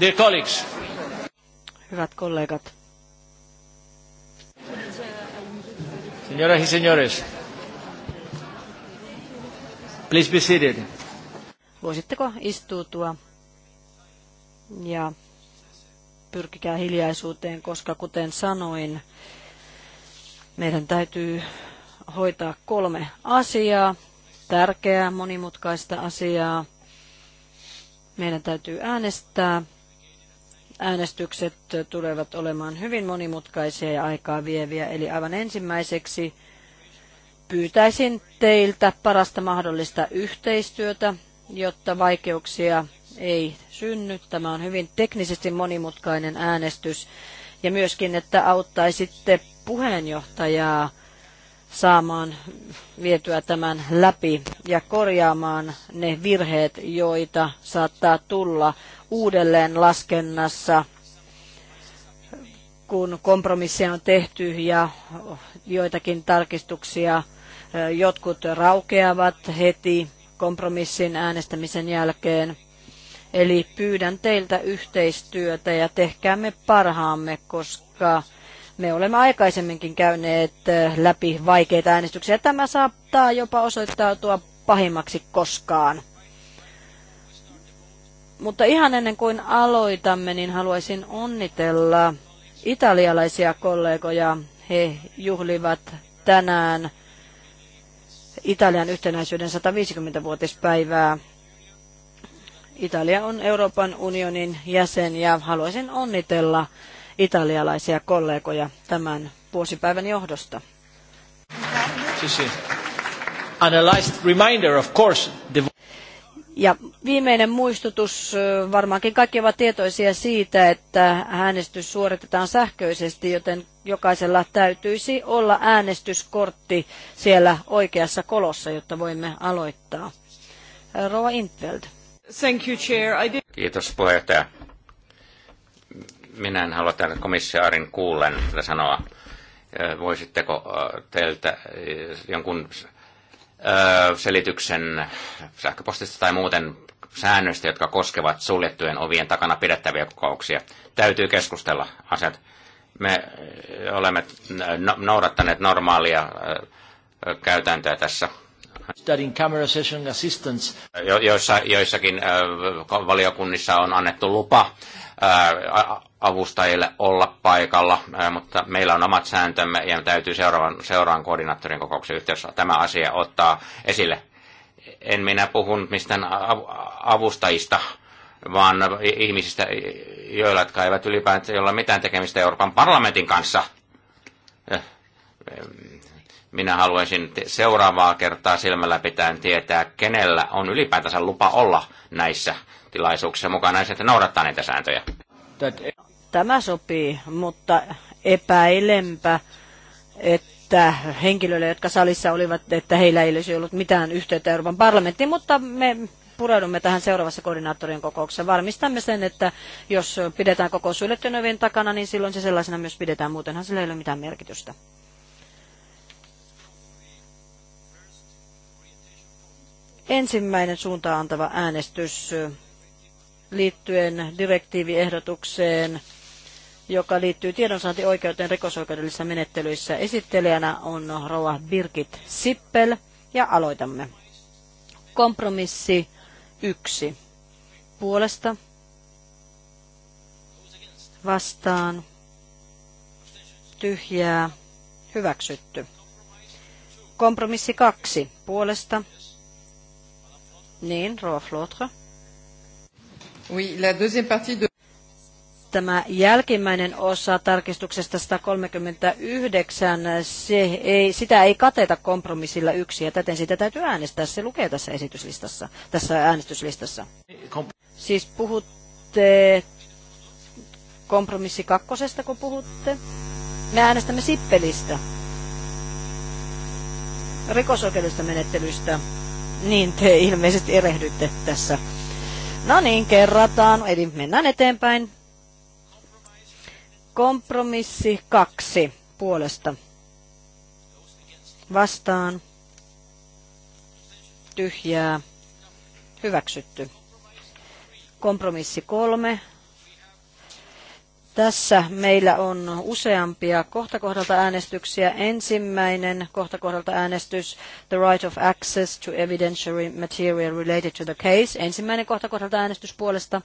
Dear colleagues. Hyvät kollegat. Señoras y señores. Please be seated. Voisitteko istuutua ja pyrkikää hiljaisuuteen, koska kuten sanoin, meidän täytyy hoitaa kolme asiaa, tärkeää, monimutkaista asiaa. Meidän täytyy äänestää äänestykset tulevat olemaan hyvin monimutkaisia ja aikaa vieviä. Eli aivan ensimmäiseksi pyytäisin teiltä parasta mahdollista yhteistyötä, jotta vaikeuksia ei synny. Tämä on hyvin teknisesti monimutkainen äänestys. Ja myöskin, että auttaisitte puheenjohtajaa saamaan vietyä tämän läpi ja korjaamaan ne virheet, joita saattaa tulla uudelleen laskennassa, kun kompromisseja on tehty ja joitakin tarkistuksia jotkut raukeavat heti kompromissin äänestämisen jälkeen. Eli pyydän teiltä yhteistyötä ja tehkäämme parhaamme, koska me olemme aikaisemminkin käyneet läpi vaikeita äänestyksiä. Tämä saattaa jopa osoittautua pahimmaksi koskaan. Mutta ihan ennen kuin aloitamme, niin haluaisin onnitella italialaisia kollegoja. He juhlivat tänään Italian yhtenäisyyden 150-vuotispäivää. Italia on Euroopan unionin jäsen ja haluaisin onnitella italialaisia kollegoja tämän vuosipäivän johdosta. And a last reminder, of course, the ja viimeinen muistutus, varmaankin kaikki ovat tietoisia siitä, että äänestys suoritetaan sähköisesti, joten jokaisella täytyisi olla äänestyskortti siellä oikeassa kolossa, jotta voimme aloittaa. Roa Intveld. Thank you, Chair. I did... Kiitos puheenjohtaja. Minä en halua täällä komissaarin kuullen sanoa. Voisitteko teiltä jonkun selityksen sähköpostista tai muuten säännöistä, jotka koskevat suljettujen ovien takana pidettäviä kokouksia. Täytyy keskustella asiat. Me olemme no-, noudattaneet normaalia käytäntöä tässä. camera session assistance. Jo, joissa, joissakin valiokunnissa on annettu lupa avustajille olla paikalla, mutta meillä on omat sääntömme ja täytyy seuraavan, seuraavan koordinaattorin kokouksen yhteydessä tämä asia ottaa esille. En minä puhu mistään avustajista, vaan ihmisistä, joilla, jotka eivät ylipäätään ole mitään tekemistä Euroopan parlamentin kanssa. Äh, minä haluaisin seuraavaa kertaa silmällä pitäen tietää, kenellä on ylipäätänsä lupa olla näissä tilaisuuksissa mukana, että noudattaa näitä sääntöjä. Tämä sopii, mutta epäilempä, että henkilöille, jotka salissa olivat, että heillä ei olisi ollut mitään yhteyttä Euroopan parlamenttiin, mutta me pureudumme tähän seuraavassa koordinaattorien kokouksessa. Varmistamme sen, että jos pidetään kokous suljettujen takana, niin silloin se sellaisena myös pidetään. Muutenhan sillä ei ole mitään merkitystä. Ensimmäinen suuntaan antava äänestys liittyen direktiiviehdotukseen, joka liittyy tiedonsaantioikeuteen rikosoikeudellisissa menettelyissä. Esittelijänä on Rova Birgit Sippel ja aloitamme. Kompromissi yksi. Puolesta vastaan tyhjää hyväksytty. Kompromissi kaksi. Puolesta niin, Rova Flotre. Tämä jälkimmäinen osa tarkistuksesta 139, se ei, sitä ei kateta kompromissilla yksi, ja täten sitä täytyy äänestää. Se lukee tässä esityslistassa, tässä äänestyslistassa. Siis puhutte kompromissi kakkosesta, kun puhutte. Me äänestämme sippelistä, rikosoikeudellisesta menettelystä. Niin te ilmeisesti erehdytte tässä. No niin, kerrataan, eli mennään eteenpäin. Kompromissi kaksi puolesta. Vastaan. Tyhjää. Hyväksytty. Kompromissi kolme tässä meillä on useampia kohtakohdalta äänestyksiä. Ensimmäinen kohtakohdalta äänestys, The Right of Access to Evidentiary Material Related to the Case. Ensimmäinen kohtakohdalta äänestys puolesta.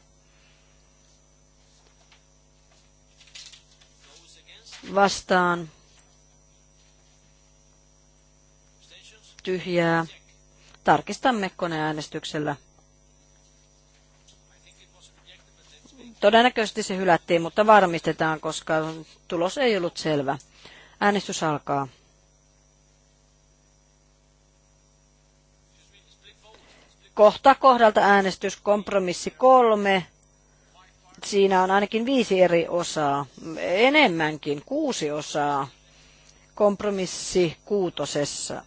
Vastaan. Tyhjää. Tarkistamme koneäänestyksellä. Todennäköisesti se hylättiin, mutta varmistetaan, koska tulos ei ollut selvä. Äänestys alkaa. Kohta kohdalta äänestys kompromissi kolme. Siinä on ainakin viisi eri osaa, enemmänkin kuusi osaa kompromissi kuutosessa.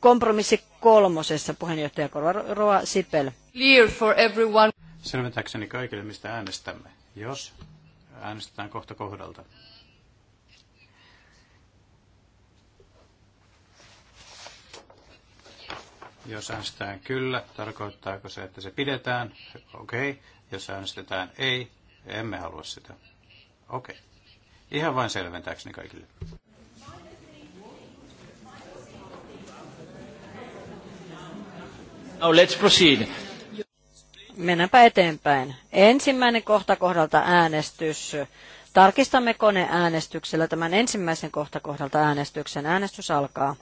Kompromissi kolmosessa puheenjohtaja Roa Sipel. Clear for everyone. Selventääkseni kaikille, mistä äänestämme, jos äänestetään kohta kohdalta. Jos äänestetään kyllä, tarkoittaako se, että se pidetään? Okei. Okay. Jos äänestetään ei, emme halua sitä. Okei. Okay. Ihan vain selventääkseni kaikille. Now let's proceed mennäänpä eteenpäin. Ensimmäinen kohta kohdalta äänestys. Tarkistamme koneäänestyksellä tämän ensimmäisen kohta kohdalta äänestyksen. Äänestys alkaa.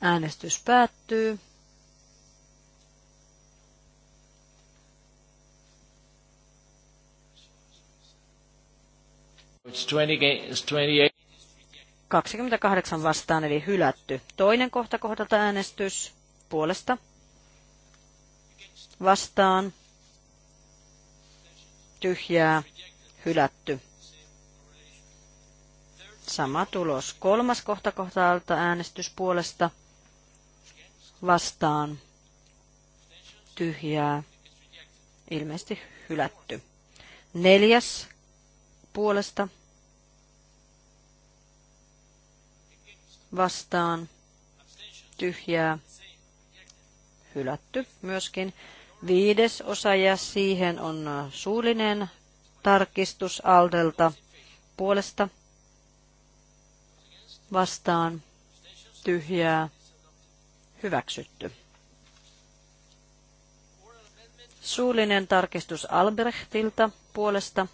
Äänestys päättyy. It's 28. 28 vastaan eli hylätty. Toinen kohta kohdalta äänestys puolesta vastaan, tyhjää, hylätty. Sama tulos. Kolmas kohta kohtaalta äänestys puolesta vastaan, tyhjää, ilmeisesti hylätty. Neljäs puolesta vastaan, tyhjää, hylätty myöskin viides osa ja siihen on äh, suullinen tarkistus Aldelta puolesta vastaan tyhjää hyväksytty. Suullinen tarkistus Albrechtilta puolesta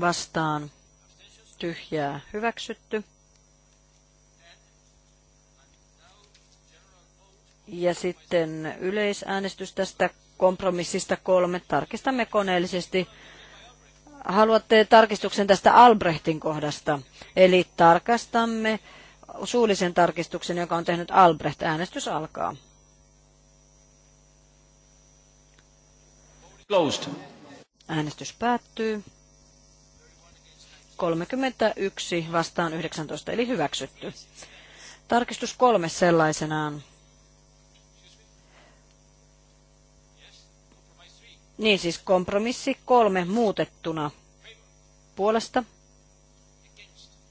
vastaan tyhjää hyväksytty. Ja sitten yleisäänestys tästä kompromissista kolme. Tarkistamme koneellisesti. Haluatte tarkistuksen tästä Albrechtin kohdasta. Eli tarkastamme suullisen tarkistuksen, joka on tehnyt Albrecht. Äänestys alkaa. Closed. Äänestys päättyy. 31 vastaan 19, eli hyväksytty. Tarkistus kolme sellaisenaan Niin siis kompromissi kolme muutettuna puolesta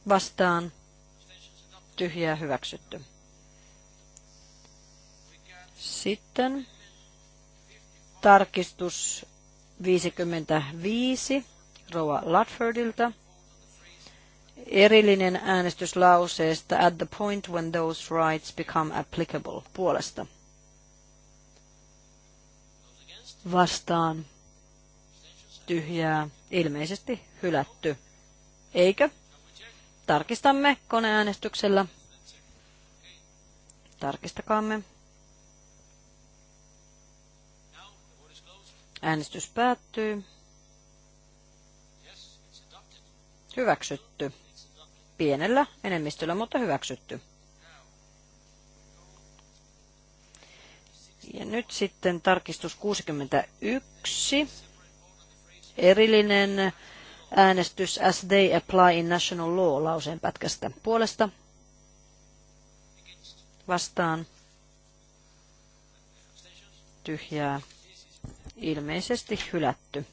vastaan tyhjää hyväksytty. Sitten tarkistus 55 Roa Ludfordilta. Erillinen äänestyslauseesta at the point when those rights become applicable puolesta vastaan tyhjää ilmeisesti hylätty. Eikö? Tarkistamme koneäänestyksellä. Tarkistakaamme. Äänestys päättyy. Hyväksytty. Pienellä enemmistöllä, mutta hyväksytty. Ja nyt sitten tarkistus 61. Erillinen äänestys as they apply in national law lauseen pätkästä puolesta. Vastaan. Tyhjää. Ilmeisesti hylätty.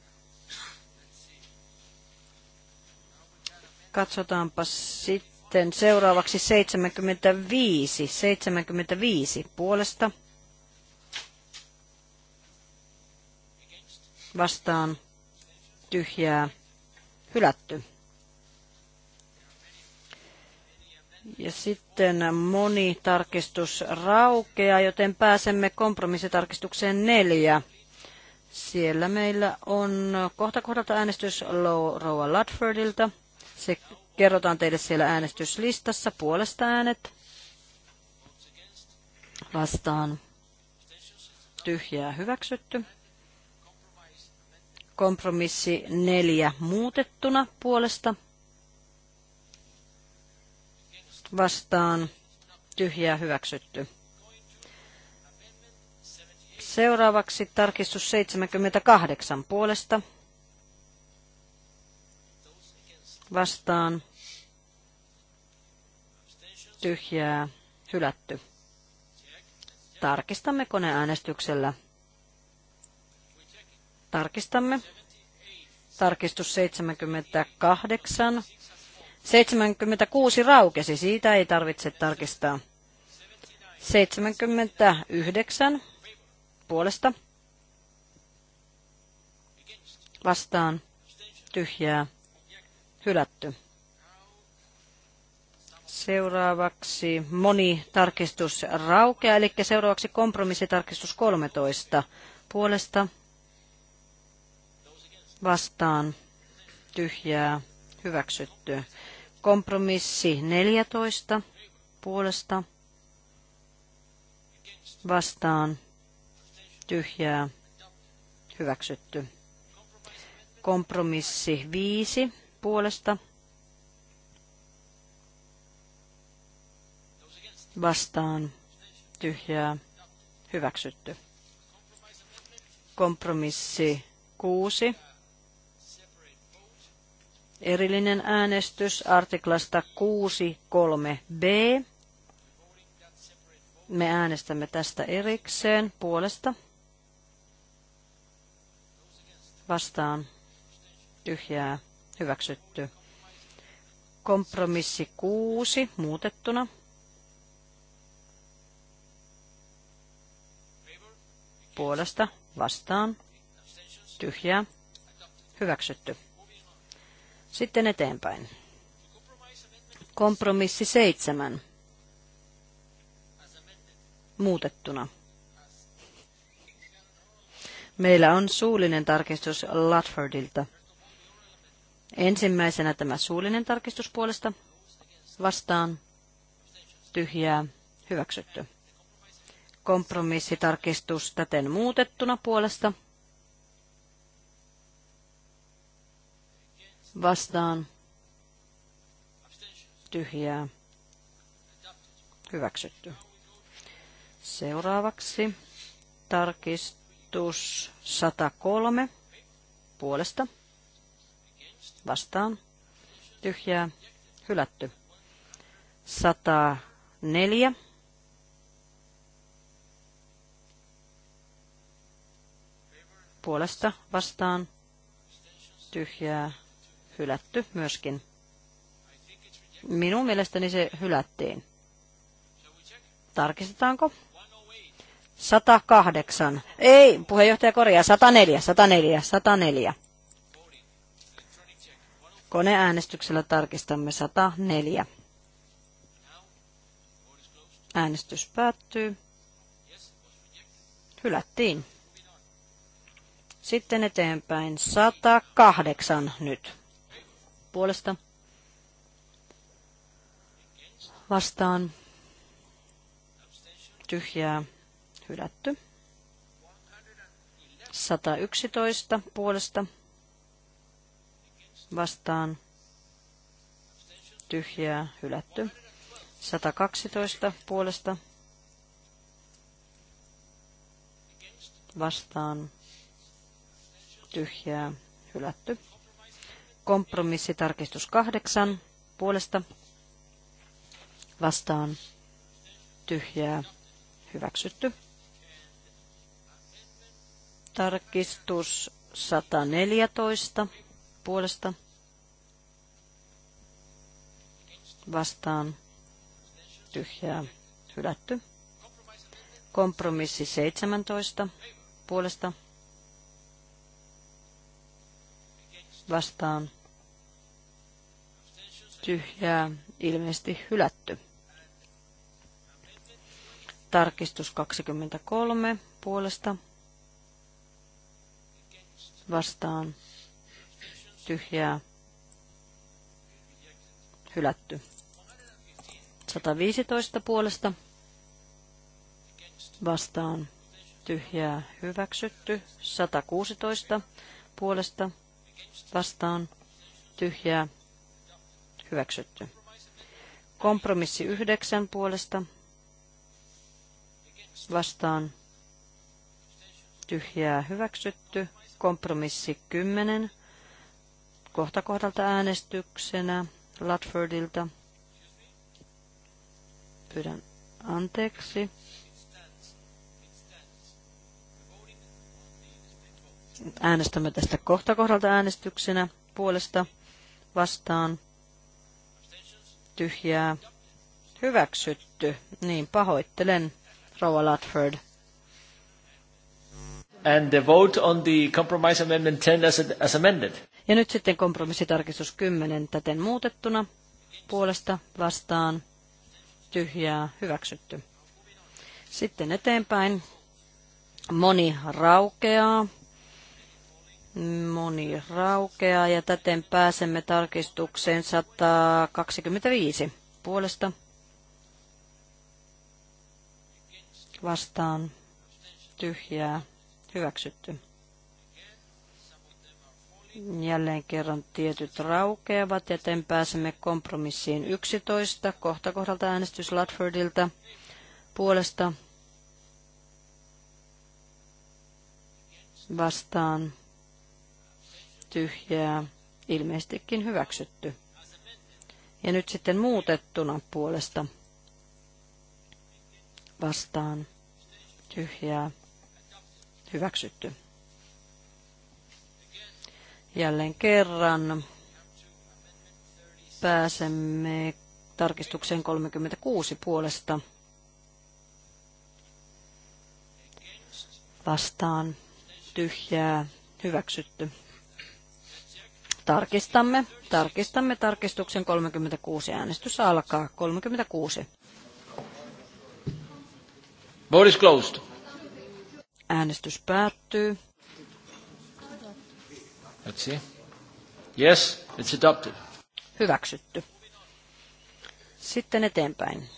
Katsotaanpa sitten seuraavaksi 75. 75 puolesta vastaan tyhjää hylätty. Ja sitten moni tarkistus raukeaa, joten pääsemme kompromissitarkistukseen neljä. Siellä meillä on kohta kohdalta äänestys Rouva Ludfordilta. Se kerrotaan teille siellä äänestyslistassa puolesta äänet. Vastaan. Tyhjää hyväksytty kompromissi neljä muutettuna puolesta vastaan tyhjää hyväksytty. Seuraavaksi tarkistus 78 puolesta vastaan tyhjää hylätty. Tarkistamme koneäänestyksellä Tarkistamme. Tarkistus 78. 76 raukesi, siitä ei tarvitse tarkistaa. 79 puolesta vastaan tyhjää hylätty. Seuraavaksi moni tarkistus raukea, eli seuraavaksi kompromissitarkistus 13 puolesta vastaan tyhjää hyväksytty. Kompromissi 14 puolesta vastaan tyhjää hyväksytty. Kompromissi 5 puolesta vastaan tyhjää hyväksytty. Kompromissi 6 erillinen äänestys artiklasta 6.3b. Me äänestämme tästä erikseen puolesta. Vastaan. Tyhjää. Hyväksytty. Kompromissi 6 muutettuna. Puolesta. Vastaan. Tyhjää. Hyväksytty. Sitten eteenpäin. Kompromissi seitsemän. Muutettuna. Meillä on suullinen tarkistus Latfordilta. Ensimmäisenä tämä suullinen tarkistus puolesta vastaan tyhjää hyväksytty. Kompromissitarkistus täten muutettuna puolesta vastaan tyhjää hyväksytty. Seuraavaksi tarkistus 103 puolesta vastaan tyhjää hylätty. 104 puolesta vastaan tyhjää hylätty myöskin. Minun mielestäni se hylättiin. Tarkistetaanko? 108. Ei, puheenjohtaja korjaa. 104, 104, 104. Koneäänestyksellä tarkistamme 104. Äänestys päättyy. Hylättiin. Sitten eteenpäin 108 nyt puolesta vastaan tyhjää hylätty. 111 puolesta vastaan tyhjää hylätty. 112 puolesta vastaan tyhjää hylätty. Kompromissitarkistus kahdeksan puolesta vastaan tyhjää hyväksytty. Tarkistus 114 puolesta vastaan tyhjää hylätty. Kompromissi 17 puolesta vastaan tyhjää, ilmeisesti hylätty. Tarkistus 23 puolesta vastaan tyhjää, hylätty. 115 puolesta vastaan tyhjää, hyväksytty. 116 puolesta vastaan tyhjää hyväksytty. Kompromissi yhdeksän puolesta vastaan tyhjää hyväksytty. Kompromissi kymmenen kohta kohdalta äänestyksenä Latfordilta. Pyydän anteeksi. äänestämme tästä kohta kohdalta äänestyksenä puolesta vastaan tyhjää hyväksytty. Niin pahoittelen, Rouva Latford. And the vote on the compromise amendment 10 as, as amended. Ja nyt sitten kompromissitarkistus 10 täten muutettuna puolesta vastaan tyhjää hyväksytty. Sitten eteenpäin moni raukeaa. Moni raukeaa ja täten pääsemme tarkistukseen 125 puolesta. Vastaan tyhjää hyväksytty. Jälleen kerran tietyt raukeavat, joten pääsemme kompromissiin 11. Kohta kohdalta äänestys Latfordilta puolesta vastaan tyhjää, ilmeisestikin hyväksytty. Ja nyt sitten muutettuna puolesta vastaan, tyhjää, hyväksytty. Jälleen kerran pääsemme tarkistukseen 36 puolesta vastaan tyhjää hyväksytty. Tarkistamme, tarkistamme tarkistuksen 36. Äänestys alkaa. 36. Vote is closed. Äänestys päättyy. Let's see. Yes, it's adopted. Hyväksytty. Sitten eteenpäin.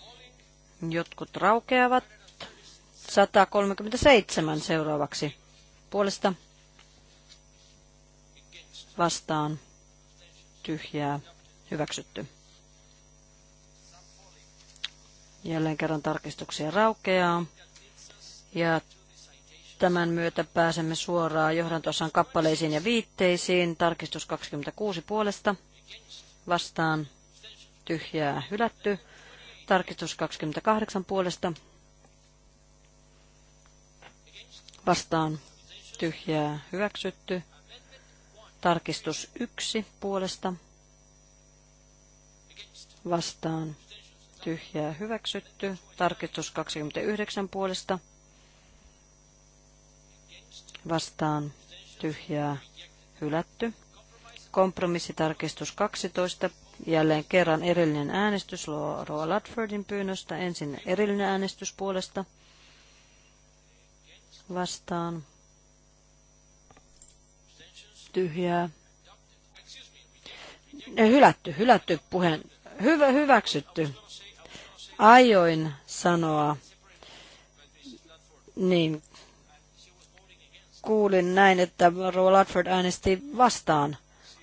Jotkut raukeavat. 137 seuraavaksi. Puolesta vastaan tyhjää hyväksytty. Jälleen kerran tarkistuksia raukeaa. Ja tämän myötä pääsemme suoraan johdantossaan kappaleisiin ja viitteisiin. Tarkistus 26 puolesta vastaan tyhjää hylätty. Tarkistus 28 puolesta vastaan tyhjää hyväksytty. Tarkistus yksi puolesta vastaan tyhjää hyväksytty. Tarkistus 29 puolesta vastaan tyhjää hylätty. Kompromissitarkistus 12. Jälleen kerran erillinen äänestys Roa Ladfordin pyynnöstä. Ensin erillinen äänestys puolesta vastaan tyhjää. Eh, hylätty, hylätty puheen. Hyvä, hyväksytty. Ajoin sanoa. Niin. Kuulin näin, että Rova Latford äänesti vastaan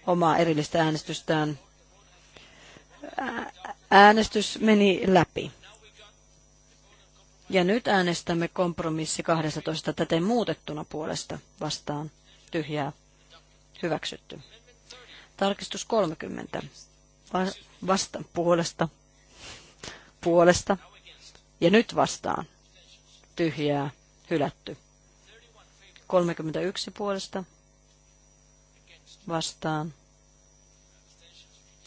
omaa erillistä äänestystään. Äänestys meni läpi. Ja nyt äänestämme kompromissi 12 täten muutettuna puolesta vastaan tyhjää Hyväksytty. Tarkistus 30. Va- vastaan puolesta. Puolesta. Ja nyt vastaan. Tyhjää. Hylätty. 31 puolesta. Vastaan.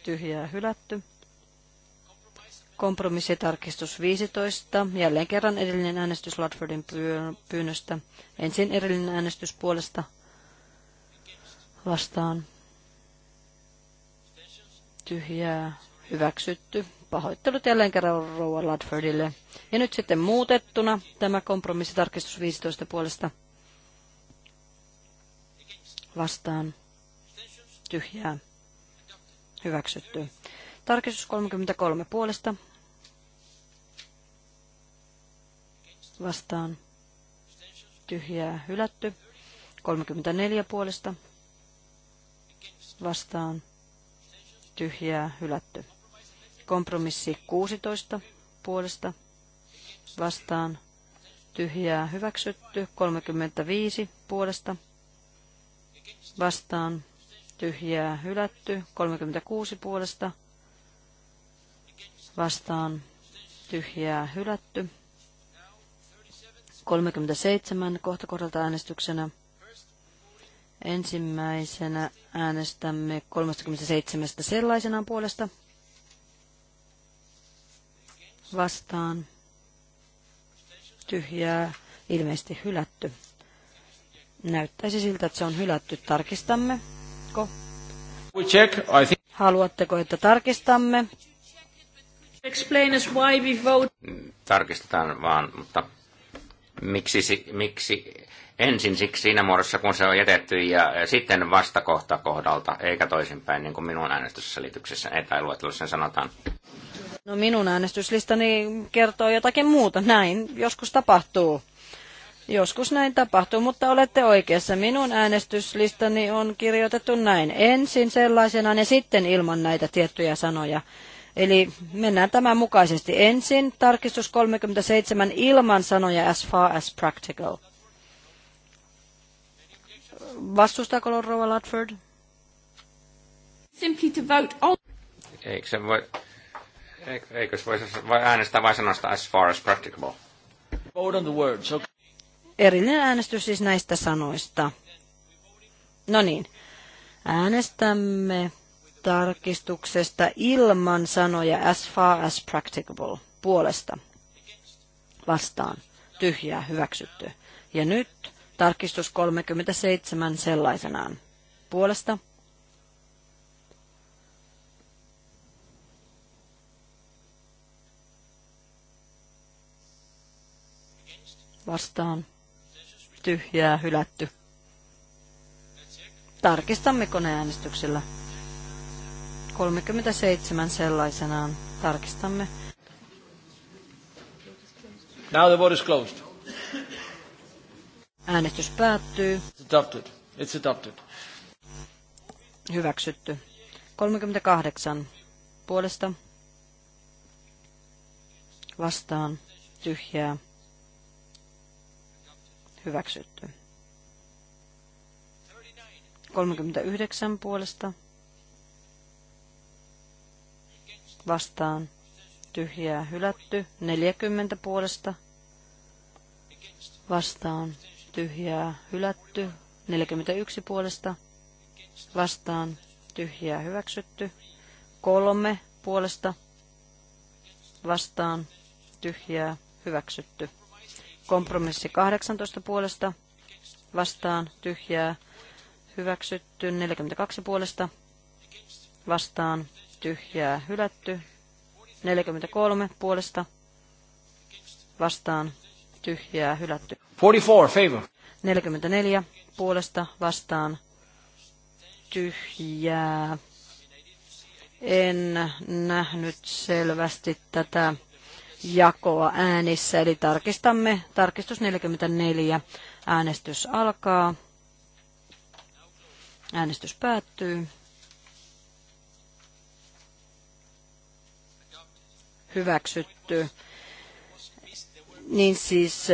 Tyhjää. Hylätty. Kompromissitarkistus 15. Jälleen kerran edellinen äänestys Ludfordin pyynnöstä. Ensin erillinen äänestys puolesta vastaan tyhjää hyväksytty. Pahoittelut jälleen kerran Rouva Ladfordille. Ja nyt sitten muutettuna tämä kompromissitarkistus 15 puolesta vastaan tyhjää hyväksytty. Tarkistus 33 puolesta vastaan tyhjää hylätty. 34 puolesta vastaan tyhjää hylätty. Kompromissi 16 puolesta vastaan tyhjää hyväksytty. 35 puolesta vastaan tyhjää hylätty. 36 puolesta vastaan tyhjää hylätty. 37 kohtakohdalta äänestyksenä Ensimmäisenä äänestämme 37 sellaisenaan puolesta vastaan. Tyhjää, ilmeisesti hylätty. Näyttäisi siltä, että se on hylätty. Tarkistamme. Ko? Haluatteko, että tarkistamme? Mm, tarkistetaan vaan, mutta miksi, miksi ensin siksi siinä muodossa, kun se on jätetty, ja sitten vastakohta kohdalta, eikä toisinpäin, niin kuin minun äänestysselityksessä tai luettelossa sanotaan. No minun äänestyslistani kertoo jotakin muuta. Näin joskus tapahtuu. Joskus näin tapahtuu, mutta olette oikeassa. Minun äänestyslistani on kirjoitettu näin. Ensin sellaisena ja sitten ilman näitä tiettyjä sanoja. Eli mennään tämän mukaisesti. Ensin tarkistus 37 ilman sanoja as far as practical. Vastustaako Rova Ludford? Simply to vote on... Eikö se voi... Eikös voi, voi äänestää vai sanasta as far as practicable? Vote on the words, okay. Erillinen äänestys siis näistä sanoista. No niin, äänestämme tarkistuksesta ilman sanoja as far as practicable puolesta vastaan tyhjää hyväksytty. Ja nyt tarkistus 37 sellaisenaan puolesta vastaan tyhjää hylätty. Tarkistamme äänestyksellä? 37 sellaisenaan. Tarkistamme. Now the vote is closed. Äänestys päättyy. It's adopted. It's adopted. Hyväksytty. 38 puolesta vastaan tyhjää hyväksytty. 39 puolesta vastaan tyhjää hylätty. 40 puolesta vastaan tyhjää hylätty. 41 puolesta vastaan tyhjää hyväksytty. Kolme puolesta vastaan tyhjää hyväksytty. Kompromissi 18 puolesta vastaan tyhjää hyväksytty. 42 puolesta vastaan tyhjää hylätty. 43 puolesta vastaan tyhjää hylätty. 44 favor. 44 puolesta vastaan tyhjää. En nähnyt selvästi tätä jakoa äänissä, eli tarkistamme. Tarkistus 44. Äänestys alkaa. Äänestys päättyy. hyväksytty. Niin siis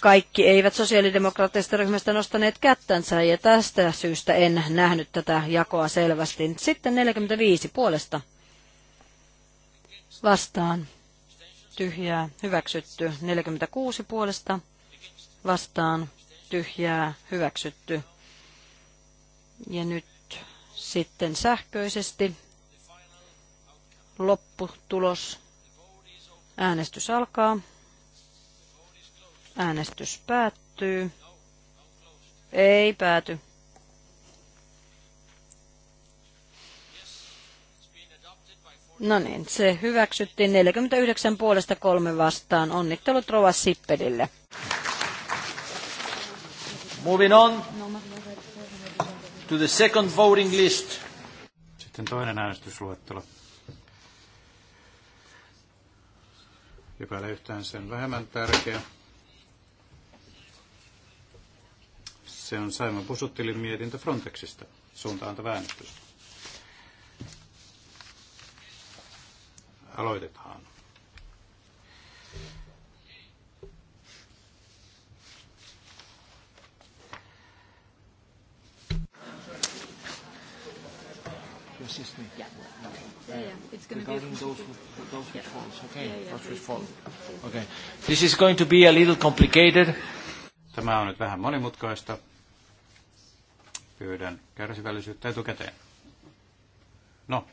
kaikki eivät sosiaalidemokraattisesta ryhmästä nostaneet kättänsä ja tästä syystä en nähnyt tätä jakoa selvästi. Sitten 45 puolesta vastaan tyhjää hyväksytty. 46 puolesta vastaan tyhjää hyväksytty. Ja nyt sitten sähköisesti lopputulos Äänestys alkaa. Äänestys päättyy. Ei pääty. No niin, se hyväksyttiin 49 puolesta kolme vastaan. Onnittelut Rova Sippelille. Moving on to the second voting list. Sitten toinen äänestysluettelo. epäile yhtään sen vähemmän tärkeä. Se on Saimon Pusuttilin mietintö Frontexista, suuntaantava äänestys. Aloitetaan. to assist me. Yeah. Okay. yeah. yeah. It's going Regarding to be those with, those with yeah. Okay. Yeah, yeah, those with falls. Okay. This is going to be a little complicated. Tämä on nyt vähän monimutkaista. Pyydän kärsivällisyyttä etukäteen. No,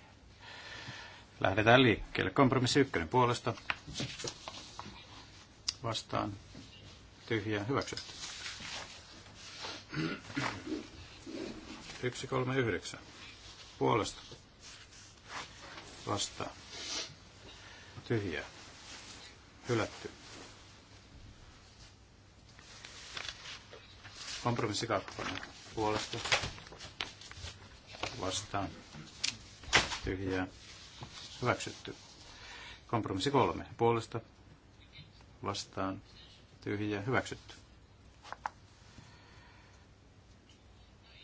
lähdetään liikkeelle. Kompromissi ykkönen puolesta. Vastaan. Tyhjä. Hyväksytty. 139 puolesta vastaan. Tyhjää. Hylätty. Kompromissi kakkonen. Puolesta. Vastaan. Tyhjää. Hyväksytty. Kompromissi kolme. Puolesta. Vastaan. Tyhjää. Hyväksytty.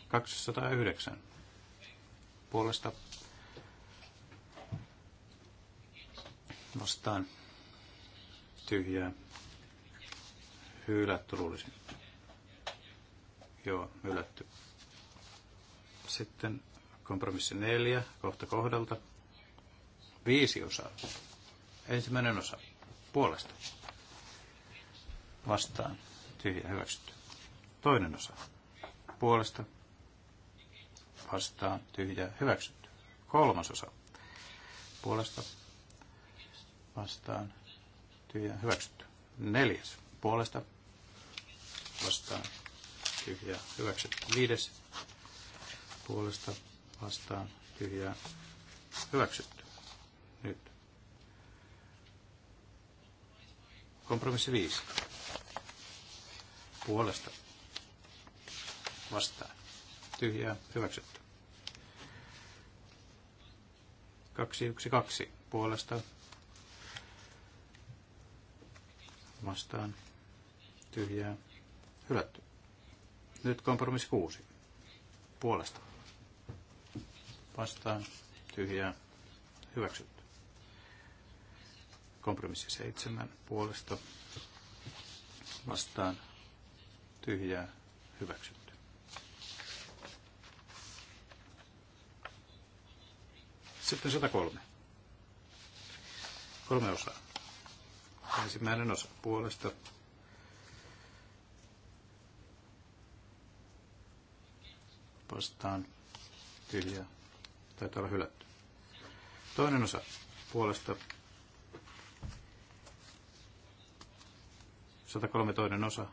209 puolesta vastaan tyhjää hylätty luulisin. Joo, hylätty. Sitten kompromissi neljä, kohta kohdalta. Viisi osaa. Ensimmäinen osa. Puolesta. Vastaan. Tyhjä hyväksytty. Toinen osa. Puolesta vastaan tyhjää hyväksytty. Kolmasosa puolesta vastaan tyhjää hyväksytty. Neljäs puolesta vastaan tyhjää hyväksytty. Viides puolesta vastaan tyhjää hyväksytty. Nyt. Kompromissi viisi Puolesta vastaan. Tyhjää hyväksytty. 212 puolesta vastaan tyhjää hylätty. Nyt kompromissi 6 puolesta vastaan tyhjää hyväksytty. Kompromissi 7 puolesta vastaan tyhjää hyväksytty. Sitten 103. Kolme osaa. Ensimmäinen osa puolesta. Vastaan tyhjää. Taitaa olla hylätty. Toinen osa puolesta. 103 toinen osa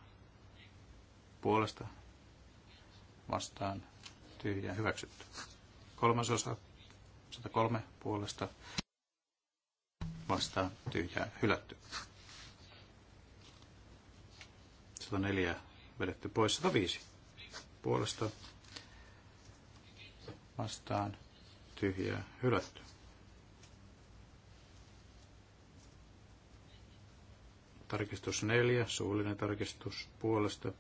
puolesta vastaan tyhjää hyväksytty. Kolmas osa 103 puolesta vastaan tyhjää hylätty. 104 vedetty pois. 105 puolesta vastaan tyhjää hylätty. Tarkistus 4, suullinen tarkistus puolesta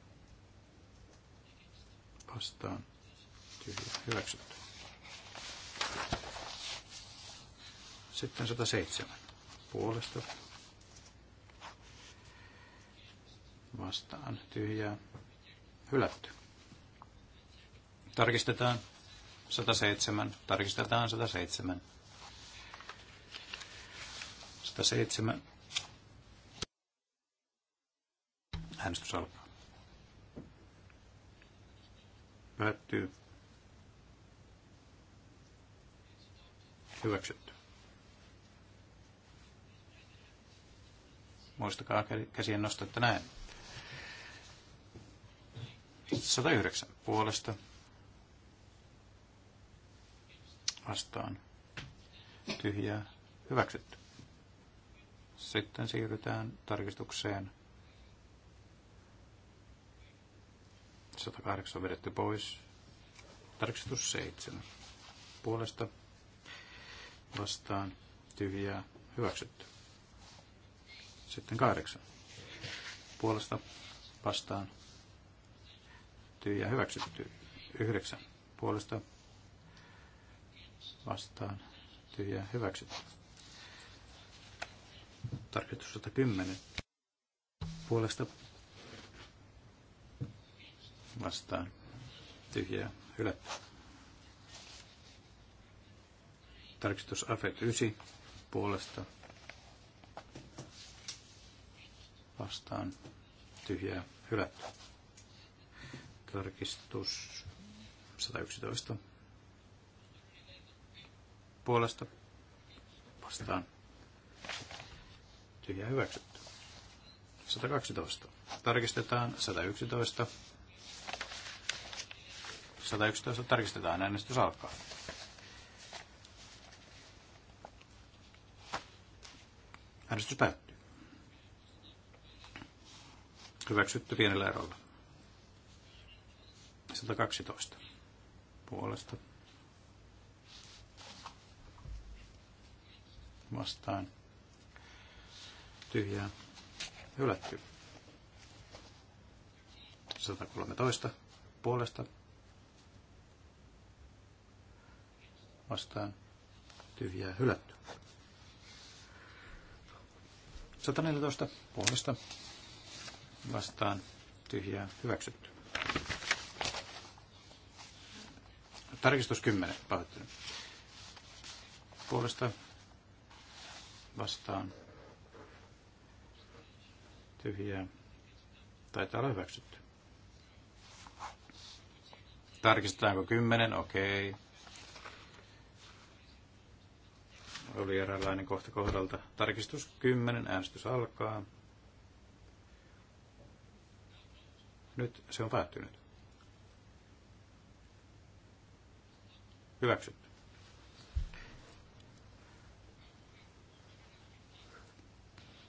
vastaan tyhjää hyväksytty. Sitten 107 puolesta vastaan tyhjää hylätty. Tarkistetaan 107, tarkistetaan 107. 107. Äänestys alkaa. Päättyy. Hyväksytty. Muistakaa käsien nostetta näin. 109 puolesta vastaan tyhjää hyväksytty. Sitten siirrytään tarkistukseen. 108 on vedetty pois. Tarkistus 7. Puolesta vastaan tyhjää hyväksytty. Sitten kahdeksan. Puolesta vastaan tyhjä hyväksytty. Yhdeksän. Puolesta vastaan tyhjä hyväksytty. Tarkoitus 110. Puolesta vastaan tyhjä hylätty. Tarkistus AFET 9 puolesta vastaan tyhjää hylättyä. Tarkistus 111 puolesta vastaan tyhjää hyväksytty. 112. Tarkistetaan 111. 111 tarkistetaan, äänestys alkaa. Äänestys päättyy. Hyväksytty pienellä erolla. 112 puolesta. Vastaan. Tyhjää. Hylätty. 113 puolesta. Vastaan. Tyhjää. Hylätty. 114 puolesta vastaan tyhjää hyväksytty. Tarkistus 10, pahoittelen. Puolesta vastaan tyhjää. Taitaa olla hyväksytty. Tarkistetaanko 10? Okei. Okay. Oli eräänlainen kohta kohdalta. Tarkistus 10. Äänestys alkaa. Nyt se on päättynyt. Hyväksytty.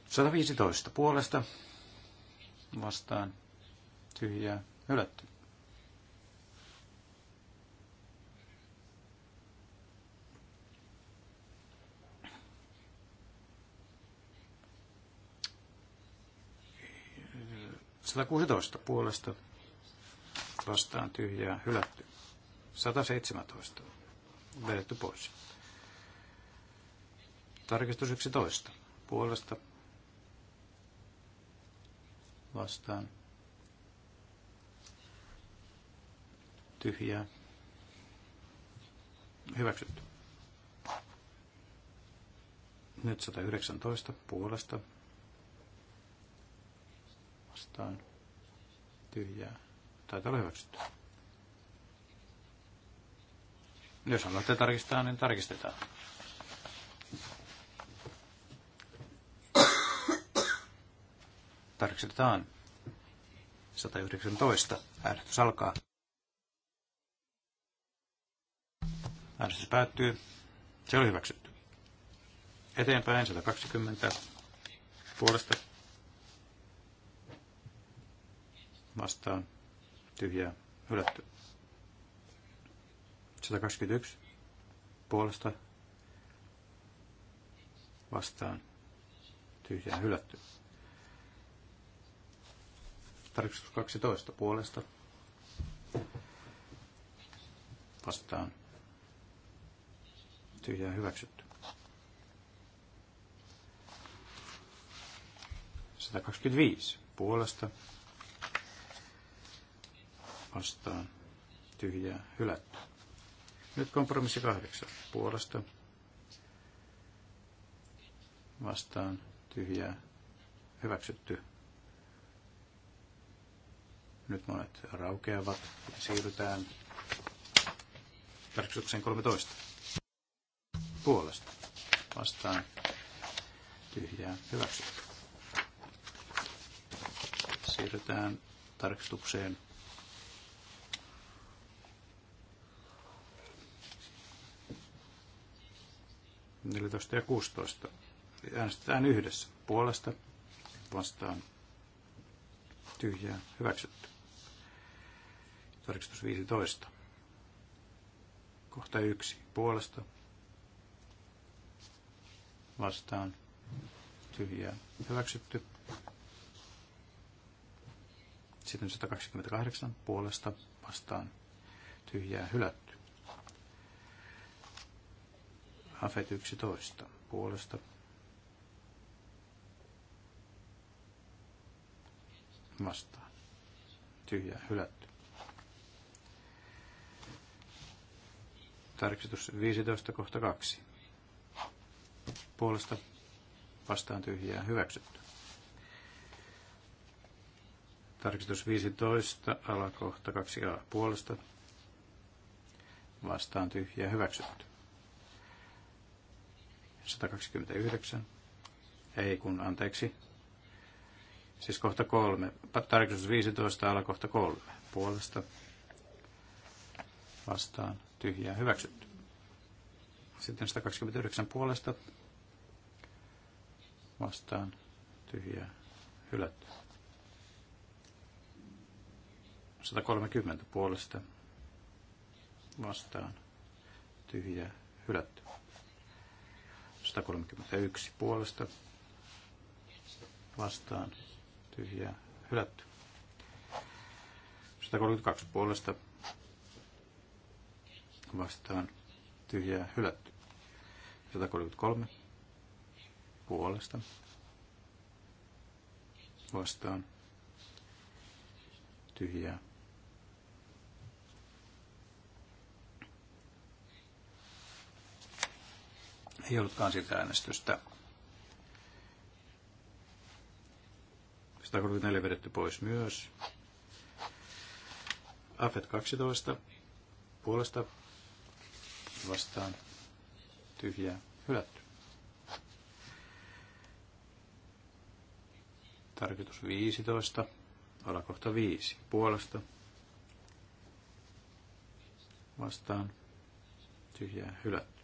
Sataviisitoista puolesta vastaan tyhjää hylätty. 116 puolesta vastaan tyhjää hylätty. 117 vedetty pois. Tarkistus 11 puolesta vastaan tyhjää hyväksytty. Nyt 119 puolesta vastaan tyhjää. Taitaa olla hyväksytty. Jos haluatte tarkistaa, niin tarkistetaan. Tarkistetaan. 119. Äänestys alkaa. Äänestys päättyy. Se oli hyväksytty. Eteenpäin 120. Puolesta vastaan tyhjää hylätty. 121 puolesta vastaan tyhjää hylätty. Tarkistus 12 puolesta vastaan tyhjää hyväksytty. 125 puolesta vastaan tyhjää hylättyä. Nyt kompromissi kahdeksan puolesta vastaan tyhjää hyväksytty. Nyt monet raukeavat ja siirrytään tarkistukseen 13 puolesta vastaan tyhjää hyväksytty. Siirrytään tarkistukseen 14 ja 16. Äänestetään yhdessä. Puolesta vastaan tyhjää hyväksytty. Tarkistus 15. Kohta 1. Puolesta vastaan tyhjää hyväksytty. Sitten 128 puolesta vastaan tyhjää hylätty. Afet 11 puolesta. Vastaan. Tyhjää hylätty. Tarkistus 15 kohta 2. Puolesta vastaan tyhjää hyväksytty. Tarkistus 15, alakohta 2a puolesta. Vastaan tyhjää hyväksytty. 129. Ei kun, anteeksi. Siis kohta kolme. Tarkistus 15, kohta kolme. Puolesta vastaan tyhjää hyväksytty. Sitten 129 puolesta vastaan tyhjää hylätty. 130 puolesta vastaan tyhjää hylätty. 131 puolesta vastaan tyhjää hylätty. 132 puolesta vastaan tyhjää hylätty. 133 puolesta vastaan tyhjää ei ollutkaan sitä äänestystä. 134 vedetty pois myös. Afet 12 puolesta vastaan tyhjää hylätty. Tarkoitus 15, alakohta 5 puolesta vastaan tyhjää hylätty.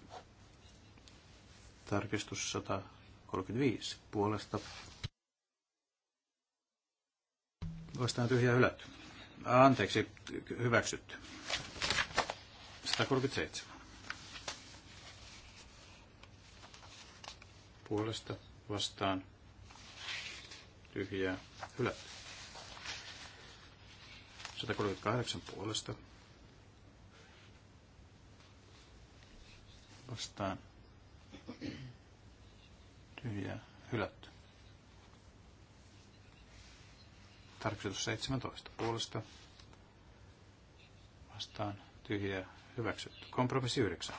Tarkistus 135 puolesta. Vastaan tyhjä hylätty. Anteeksi, hyväksytty. 137. Puolesta vastaan tyhjää hylätty. 138 puolesta vastaan Tyhjää. Hylätty. Tarkistus 17 puolesta. Vastaan. Tyhjää. Hyväksytty. Kompromissi 9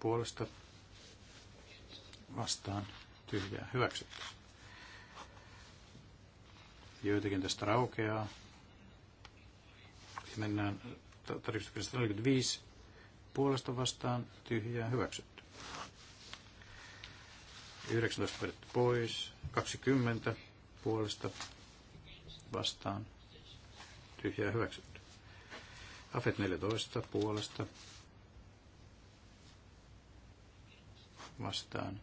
puolesta. Vastaan. Tyhjää. Hyväksytty. Joitakin tästä raukeaa. Ja mennään tarkistuksesta 45 puolesta vastaan tyhjää hyväksytty. 19 vedetty pois. 20 puolesta vastaan. Tyhjää hyväksytty. Afet 14 puolesta vastaan.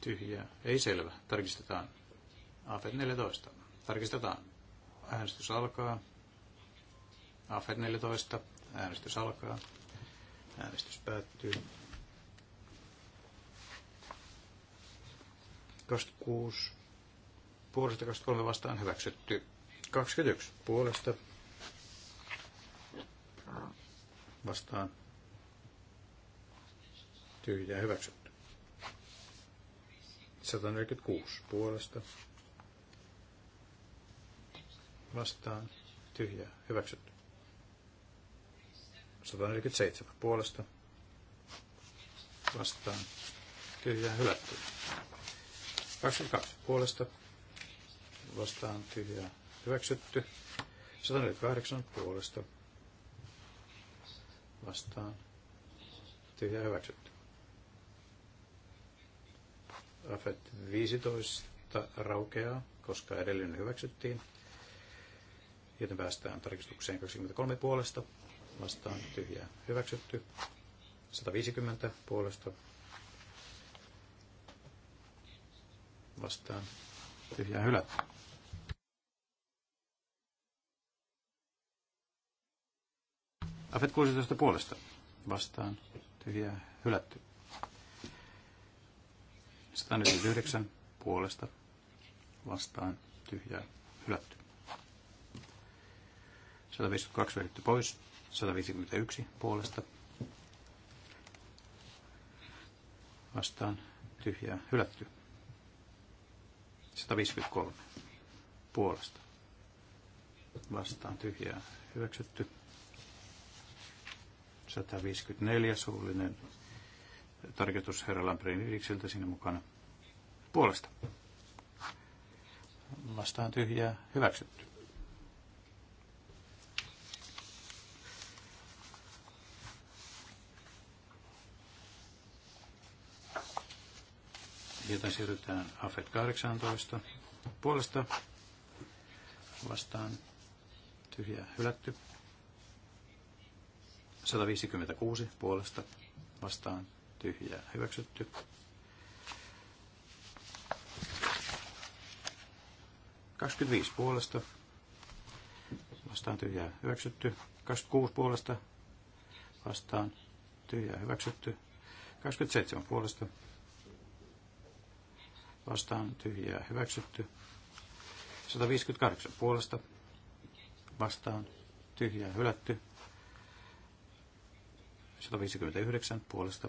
Tyhjää. Ei selvä. Tarkistetaan. Afet 14. Tarkistetaan. Äänestys alkaa. Afet 14. Äänestys alkaa. Äänestys päättyy. 26 puolesta 23 vastaan hyväksytty. 21 puolesta vastaan tyhjä hyväksytty. 146 puolesta vastaan tyhjä hyväksytty. 147 puolesta vastaan tyhjä hylätty. 22 puolesta vastaan tyhjää hyväksytty. 148 puolesta vastaan tyhjää hyväksytty. Rafet 15 raukeaa, koska edellinen hyväksyttiin. Joten päästään tarkistukseen 23 puolesta vastaan tyhjää hyväksytty. 150 puolesta vastaan tyhjää hylätty. Afet 16 puolesta vastaan tyhjää hylätty. 149 puolesta vastaan tyhjää hylätty. 152 vedetty pois, 151 puolesta vastaan tyhjää hylätty. 153 puolesta. Vastaan tyhjää hyväksytty. 154 suullinen tarkoitus herra Lampreen yhdikseltä sinne mukana puolesta. Vastaan tyhjää hyväksytty. joten siirrytään AFET 18 puolesta vastaan tyhjä hylätty. 156 puolesta vastaan tyhjää hyväksytty. viisi puolesta vastaan tyhjää hyväksytty. 26 puolesta vastaan tyhjää hyväksytty. 27 puolesta vastaan tyhjää hyväksytty. 158 puolesta vastaan tyhjää hylätty. 159 puolesta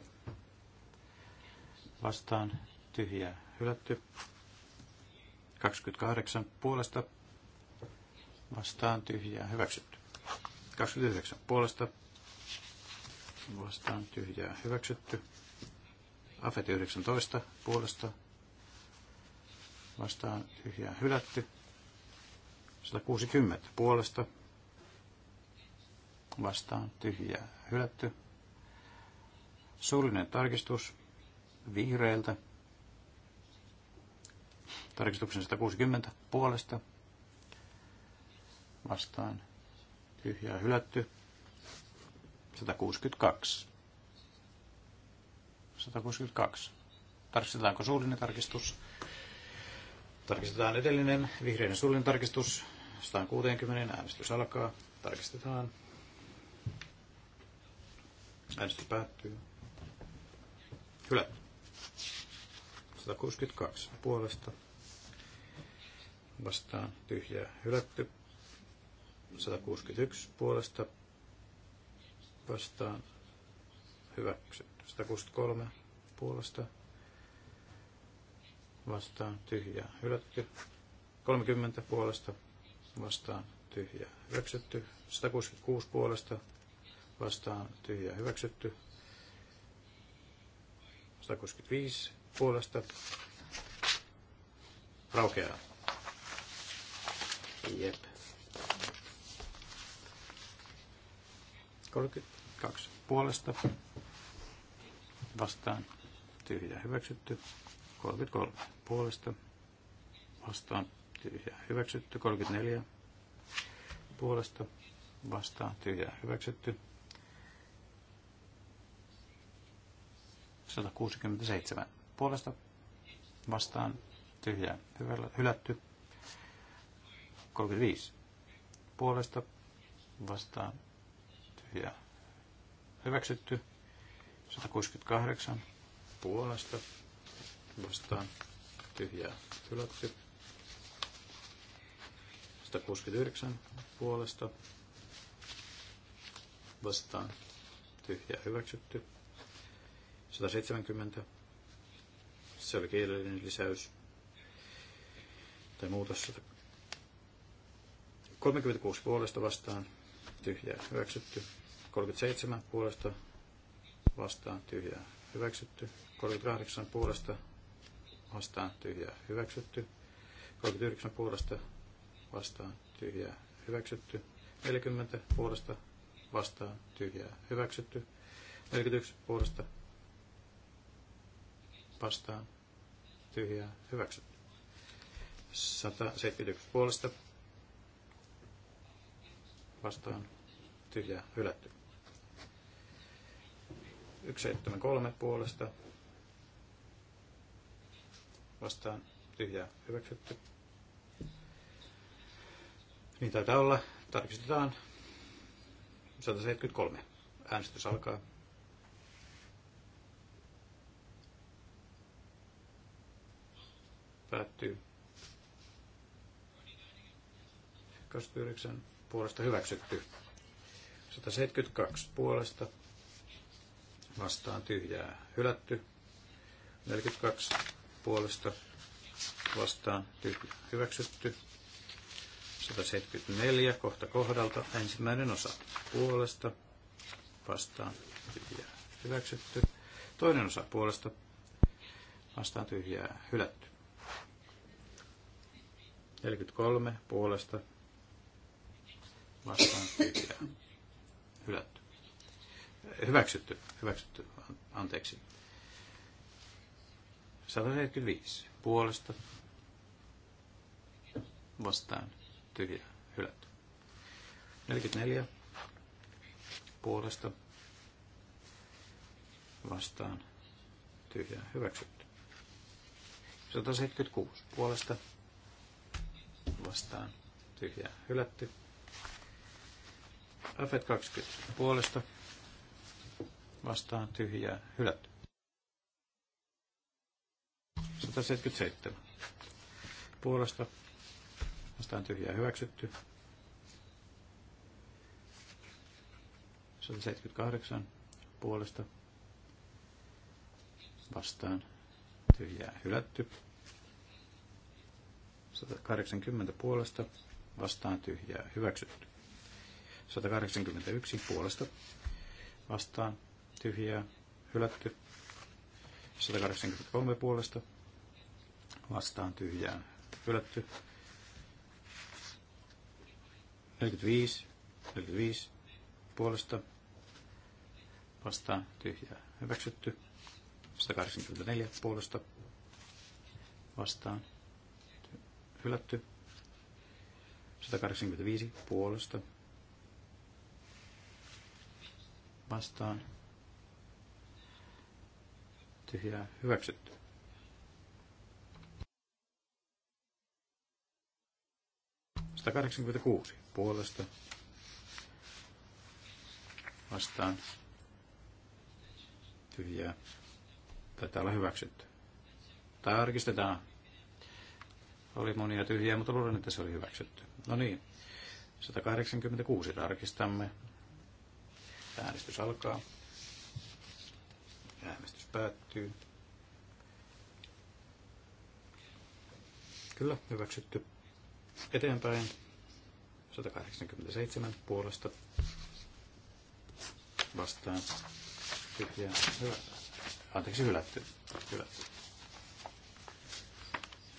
vastaan tyhjää hylätty. 28 puolesta vastaan tyhjää hyväksytty. 29 puolesta vastaan tyhjää hyväksytty. Afet 19 puolesta vastaan tyhjää hylätty. 160 puolesta vastaan tyhjää hylätty. Suullinen tarkistus vihreiltä. Tarkistuksen 160 puolesta vastaan tyhjää hylätty. 162. 162. Tarkistetaanko suullinen tarkistus? Tarkistetaan edellinen vihreiden suullinen tarkistus. 160 äänestys alkaa. Tarkistetaan. Äänestys päättyy. Kyllä. 162 puolesta. Vastaan tyhjää hylätty. 161 puolesta. Vastaan hyväksytty. 163 puolesta vastaan tyhjää hylätty. 30 puolesta vastaan tyhjää hyväksytty. 166 puolesta vastaan tyhjää hyväksytty. 165 puolesta raukeaa. Jep. 32 puolesta vastaan tyhjää, hyväksytty. 33 puolesta vastaan tyhjää hyväksytty. 34 puolesta vastaan tyhjää hyväksytty. 167 puolesta vastaan tyhjää hyvällä, hylätty. 35 puolesta vastaan tyhjää hyväksytty. 168 puolesta vastaan tyhjää hylätty. 169 puolesta vastaan tyhjää hyväksytty. 170. Se oli kielellinen lisäys tai muutos. 36 puolesta vastaan tyhjää hyväksytty. 37 puolesta vastaan tyhjää hyväksytty. 38 puolesta vastaan tyhjää hyväksytty. 39 puolesta vastaan tyhjää hyväksytty. 40 puolesta vastaan tyhjää hyväksytty. 41 puolesta vastaan tyhjää hyväksytty. 171 puolesta vastaan tyhjää hylätty. 173 puolesta vastaan tyhjää hyväksytty. Niin taitaa olla. Tarkistetaan 173. Äänestys alkaa. Päättyy. 29 puolesta hyväksytty. 172 puolesta vastaan tyhjää hylätty. 42 puolesta vastaan tyhjä hyväksytty. 174 kohta kohdalta ensimmäinen osa puolesta vastaan tyhjää hyväksytty. Toinen osa puolesta vastaan tyhjää hylätty. 43 puolesta vastaan tyhjää hylätty. Hyväksytty, hyväksytty, anteeksi. 145 puolesta vastaan tyhjä hylätty. 44 puolesta vastaan Tyhjä. hyväksytty. 176 puolesta vastaan tyhjä hylätty. f 20 puolesta vastaan tyhjä hylätty. 177 puolesta vastaan tyhjää hyväksytty. 178 puolesta vastaan tyhjää hylätty. 180 puolesta vastaan tyhjää hyväksytty. 181 puolesta vastaan tyhjää hylätty. 183 puolesta vastaan tyhjään. Ylätty. 45, 45 puolesta vastaan tyhjää hyväksytty. 184 puolesta vastaan hylätty. 185 puolesta vastaan tyhjää hyväksytty. 186 puolesta vastaan tyhjää. Taitaa olla hyväksytty. Tarkistetaan. Oli monia tyhjiä, mutta luulen, että se oli hyväksytty. No niin, 186 tarkistamme. Äänestys alkaa. Äänestys päättyy. Kyllä, hyväksytty eteenpäin. 187 puolesta vastaan tyhjää. Hyvä. Anteeksi, hylätty. hylätty.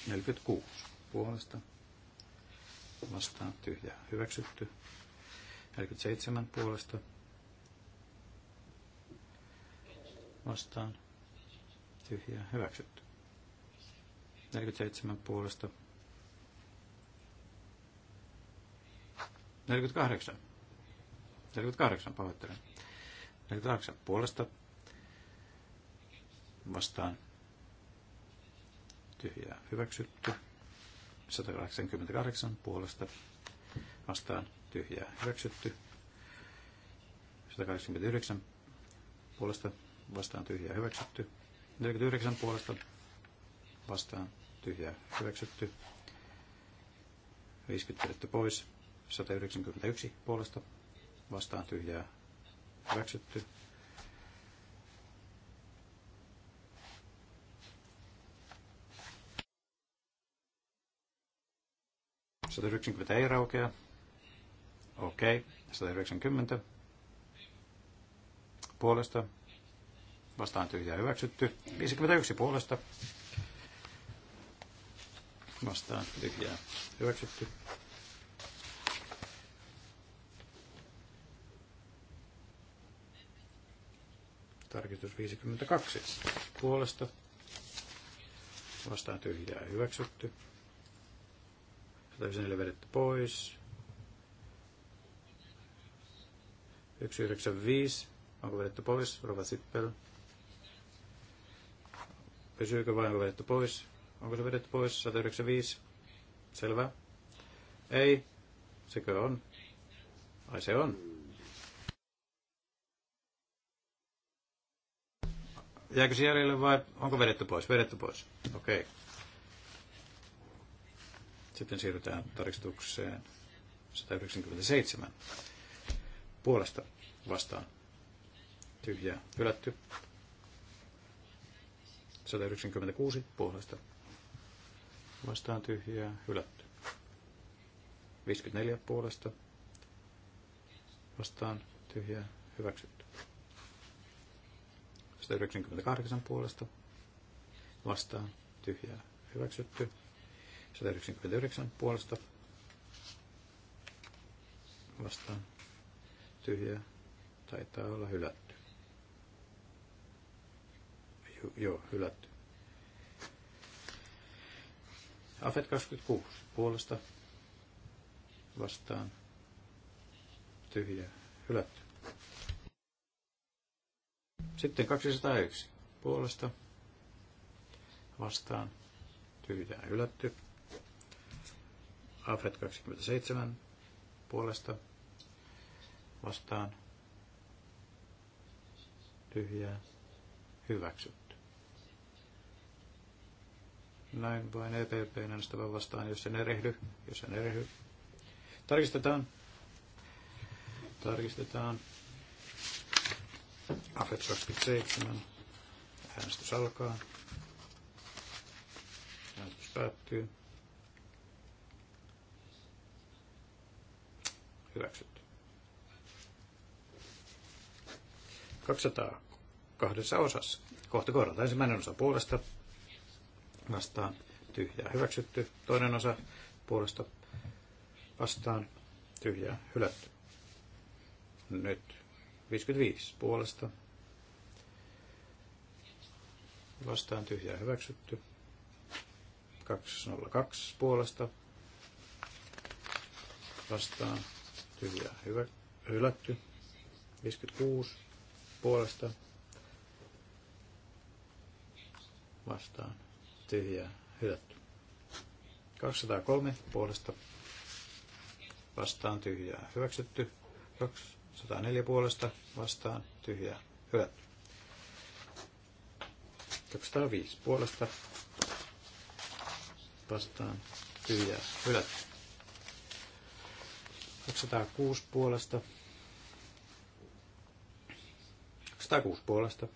46 puolesta vastaan tyhjää. Hyväksytty. 47 puolesta vastaan tyhjää. Hyväksytty. 47 puolesta 48. 48, pahoittelen. 48 puolesta vastaan tyhjää hyväksytty. 188 puolesta vastaan tyhjää hyväksytty. 189 puolesta vastaan tyhjää hyväksytty. 49 puolesta vastaan tyhjää hyväksytty. 50 pois. 191 puolesta vastaan tyhjää hyväksytty. Satayhdeksänkymmentä ei raukea. Okei, okay. 190. Puolesta. Vastaan tyhjää hyväksytty. 51 puolesta. Vastaan tyhjää hyväksytty. Tarkistus 52. Puolesta vastaan tyhjää hyväksytty. 194 vedetty pois. 195. Onko vedetty pois? Rova Sippel. Pysyykö vai onko vedetty pois? Onko se vedetty pois? 195. Selvä. Ei. Sekö on? Ai se on. Jääkö se jäljelle vai onko vedetty pois? Vedetty pois. Okei. Okay. Sitten siirrytään tarkistukseen 197. Puolesta vastaan. Tyhjää. Hylätty. 196 puolesta. Vastaan tyhjää. Hylätty. 54 puolesta. Vastaan tyhjää. Hyväksytty hyväksytty, 98 puolesta vastaan tyhjää hyväksytty, 199 puolesta vastaan tyhjää taitaa olla hylätty. Jo, joo, hylätty. Afet 26 puolesta vastaan tyhjää hylätty. Sitten 201 puolesta vastaan tyhjää hylätty. Afet 27 puolesta vastaan tyhjää hyväksytty. Näin vain EPP äänestävä vastaan, jos en erehdy, jos en erehdy. Tarkistetaan. Tarkistetaan. AFET 27. Äänestys alkaa. Äänestys päättyy. Hyväksytty. 200 kahdessa osassa. Kohta kohdalta ensimmäinen osa puolesta vastaan tyhjää hyväksytty. Toinen osa puolesta vastaan tyhjää hylätty. Nyt 55 puolesta. Vastaan tyhjää hyväksytty. 202 puolesta. Vastaan tyhjää hyvä, hylätty. 56 puolesta. Vastaan tyhjää hylätty. 203 puolesta. Vastaan tyhjää hyväksytty. 2 104 puolesta vastaan tyhjää hylätty. 205 puolesta vastaan tyhjää hylätty. 206 puolesta 206 puolesta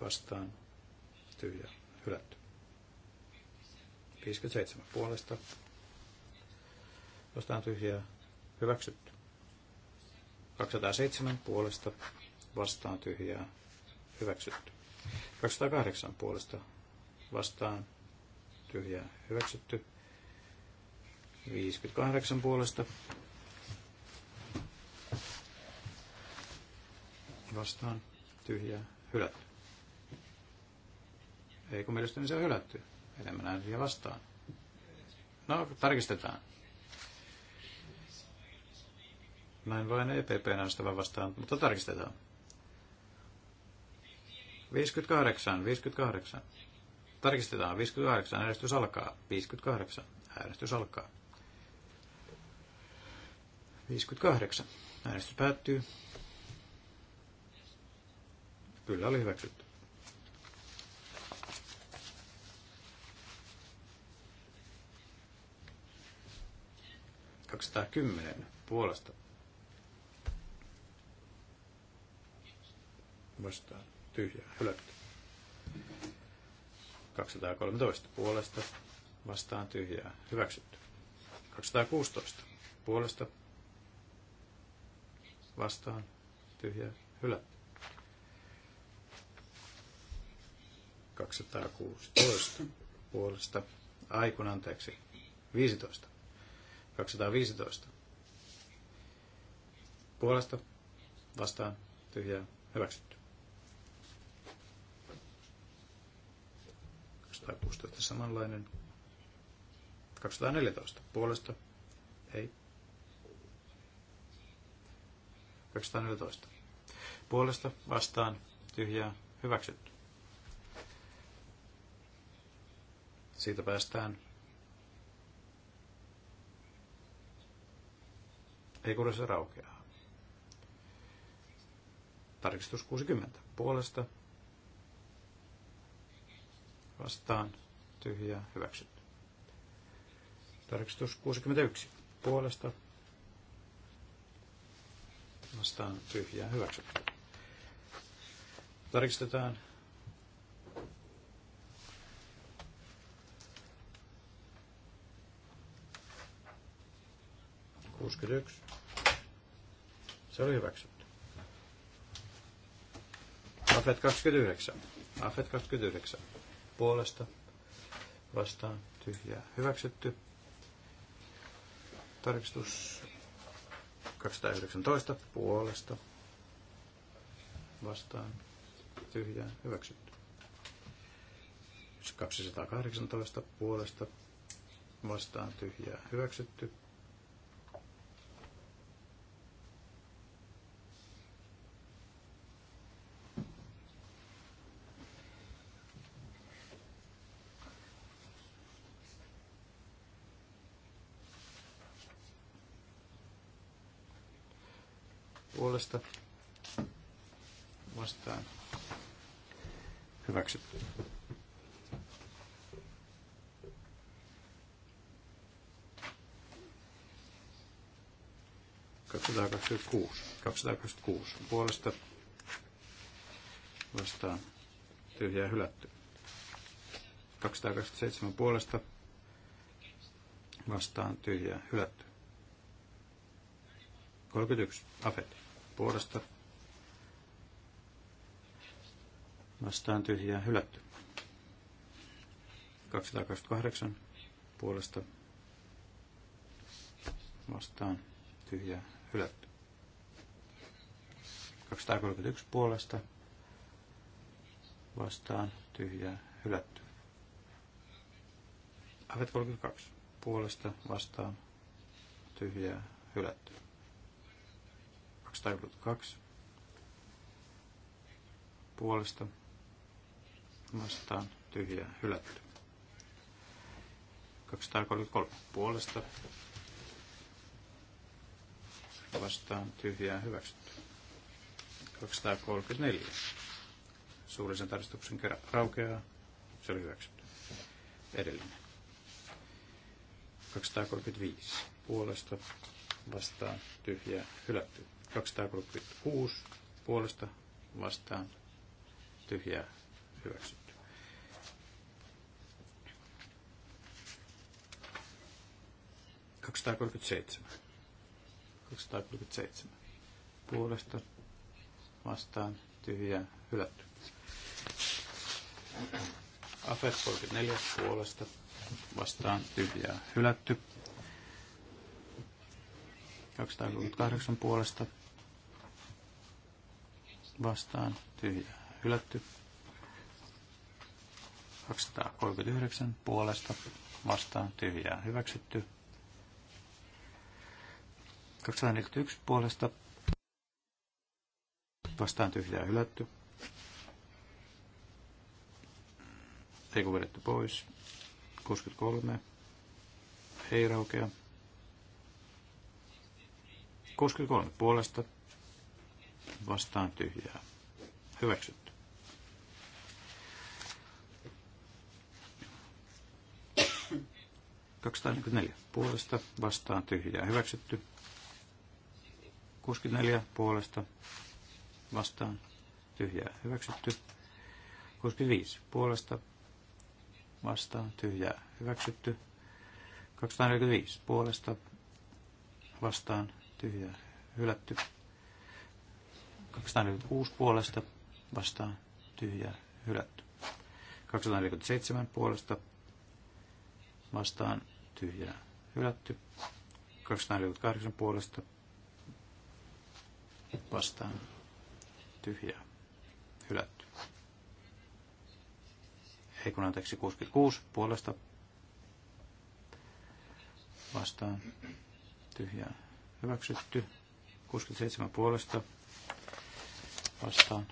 vastaan tyhjä hylätty. 57 puolesta vastaan tyhjä Hyväksytty. 207 puolesta vastaan tyhjää. Hyväksytty. 208 puolesta vastaan tyhjää. Hyväksytty. 58 puolesta vastaan tyhjää. Hylätty. Ei kun mielestäni se on hylätty. Enemmän ääniä vastaan. No, tarkistetaan. Mä en voi EPPn äänestävän vastaan, mutta tarkistetaan. 58, 58. Tarkistetaan, 58, äänestys alkaa. 58, äänestys alkaa. 58, äänestys päättyy. Kyllä oli hyväksytty. Kaksisataakymmenen puolesta vastaan tyhjää hylätty. 213 puolesta vastaan tyhjää hyväksytty. 216 puolesta vastaan tyhjää hylätty. 216 puolesta aikun anteeksi 15 215 puolesta vastaan tyhjää hyväksytty. tai 16 samanlainen. 214 puolesta. Ei. 214. Puolesta vastaan tyhjää hyväksytty. Siitä päästään. Ei kuule se raukeaa. Tarkistus 60. Puolesta vastaan tyhjää hyväksytty. Tarkistus 61 puolesta vastaan tyhjää hyväksytty. Tarkistetaan Se oli hyväksytty. Afet 29. Afet 29 puolesta vastaan tyhjää hyväksytty. Tarkistus 219 puolesta vastaan tyhjää hyväksytty. 218 puolesta vastaan tyhjää hyväksytty. puolesta vastaan hyväksytty. kuusi 226 puolesta vastaan tyhjää hylätty. 227 puolesta vastaan tyhjää hylätty. 31 afetti puolesta vastaan tyhjää hylätty. 228 puolesta vastaan tyhjää hylätty. 231 puolesta vastaan tyhjää hylätty. Avet 32 puolesta vastaan tyhjää hylätty. 232 puolesta vastaan tyhjä hylätty. 233 puolesta vastaan tyhjää hyväksytty. 234 suullisen tarkistuksen kerran raukeaa. Se oli hyväksytty. Edellinen. 235 puolesta vastaan tyhjää hylätty. 236 puolesta vastaan tyhjää hyväksytty. puolesta vastaan tyhjää hylätty. Afet 34 puolesta vastaan tyhjää hylätty. 238 puolesta vastaan tyhjää hylätty. 239 puolesta vastaan tyhjää hyväksytty. 241 puolesta vastaan tyhjää hylätty. Ei vedetty pois. 63 ei raukea. 63 puolesta vastaan tyhjää. Hyväksytty. puolesta vastaan tyhjää. Hyväksytty. 64 puolesta vastaan tyhjää. Hyväksytty. 65 puolesta vastaan tyhjää. Hyväksytty. 245 puolesta vastaan tyhjä, hylätty. 246 puolesta vastaan tyhjä, hylätty. 247 puolesta vastaan tyhjä, hylätty. 248 puolesta vastaan tyhjä, hylätty. Ei kun anteeksi 66 puolesta vastaan tyhjää hyväksytty. 67 puolesta vastaan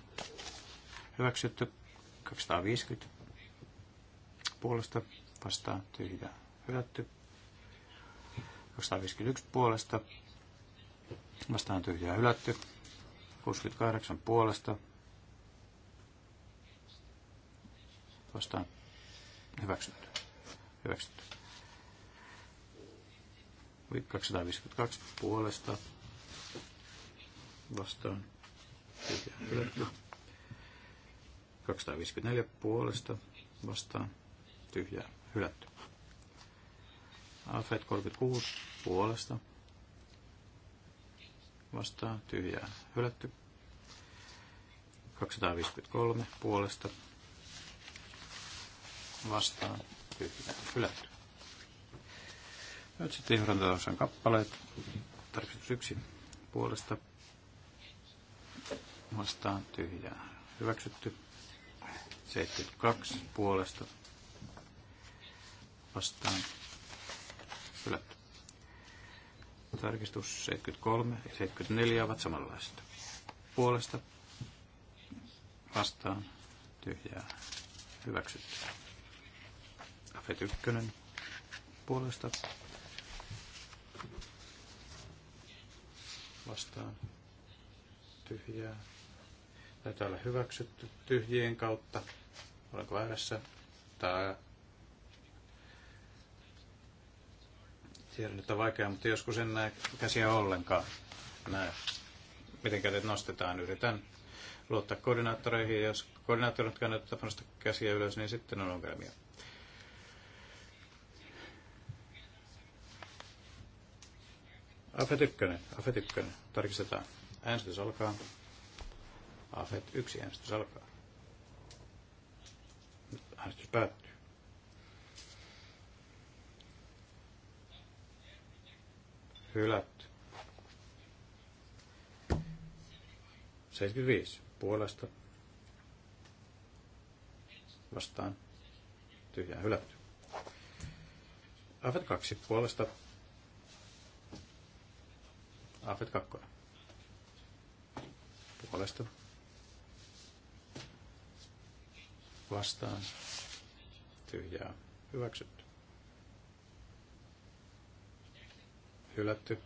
hyväksytty. 250 puolesta vastaan tyhjä hylätty. 251 puolesta vastaan tyhjää hylätty. 68 puolesta vastaan hyväksytty. hyväksytty. 252 puolesta vastaan. 254 puolesta vastaan. Tyhjää hylätty. Alfred 36 puolesta vastaan. Tyhjää hylätty. 253 puolesta vastaan. Tyhjää hylätty. Nyt sitten johdantaosan kappaleet. Tarkistus yksi puolesta vastaan tyhjää. Hyväksytty. 72 puolesta vastaan hylätty. Tarkistus 73 ja 74 ovat samanlaista. Puolesta vastaan tyhjää hyväksytty. Afet 1 puolesta vastaan tyhjää. Täytyy olla hyväksytty tyhjien kautta. Olenko väärässä? Tää tiedän, että on vaikeaa, mutta joskus en näe käsiä ollenkaan. Näe, miten kädet nostetaan. Yritän luottaa koordinaattoreihin, ja jos koordinaattorit kannattaa nostaa käsiä ylös, niin sitten on ongelmia. Afet 1, Afet 1, tarkistetaan. Äänestys alkaa. Afet 1, äänestys alkaa. Nyt äänestys päättyy. Hylätty. 75 puolesta vastaan tyhjään hylätty. Afet 2 puolesta Afet 2. Puolesta. Vastaan. Tyhjää. Hyväksytty. Hylätty.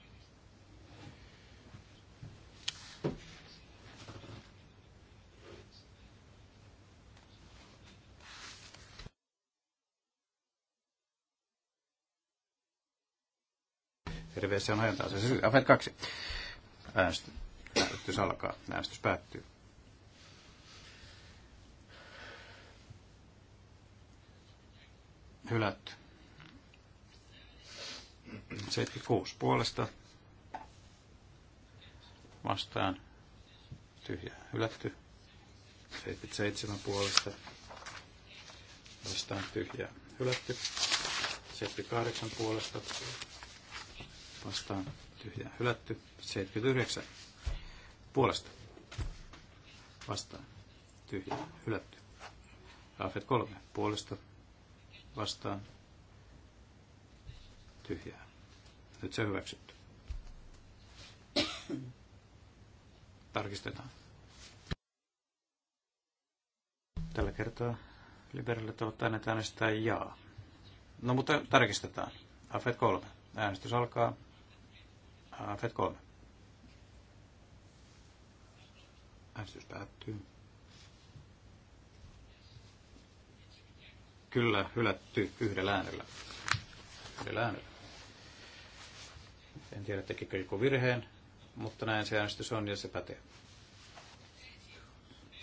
Terveisiä on ajantaa se. Siis Afet 2. Äänestys, alkaa. Äänestys päättyy. Hylätty. 76 puolesta. Vastaan. tyhjä, Hylätty. 77 puolesta. Vastaan tyhjä, Hylätty. 78 puolesta vastaan tyhjää hylätty. 79 puolesta vastaan tyhjää hylätty. Raafet 3 puolesta vastaan tyhjää. Nyt se hyväksytty. Tarkistetaan. Tällä kertaa liberaalit ovat aina äänestää jaa. No mutta tarkistetaan. Afet 3. Äänestys alkaa. Afet 3. Äänestys päättyy. Kyllä, hylätty yhdellä äänellä. Yhdellä äänellä. En tiedä, tekikö joku virheen, mutta näin se äänestys on ja se pätee.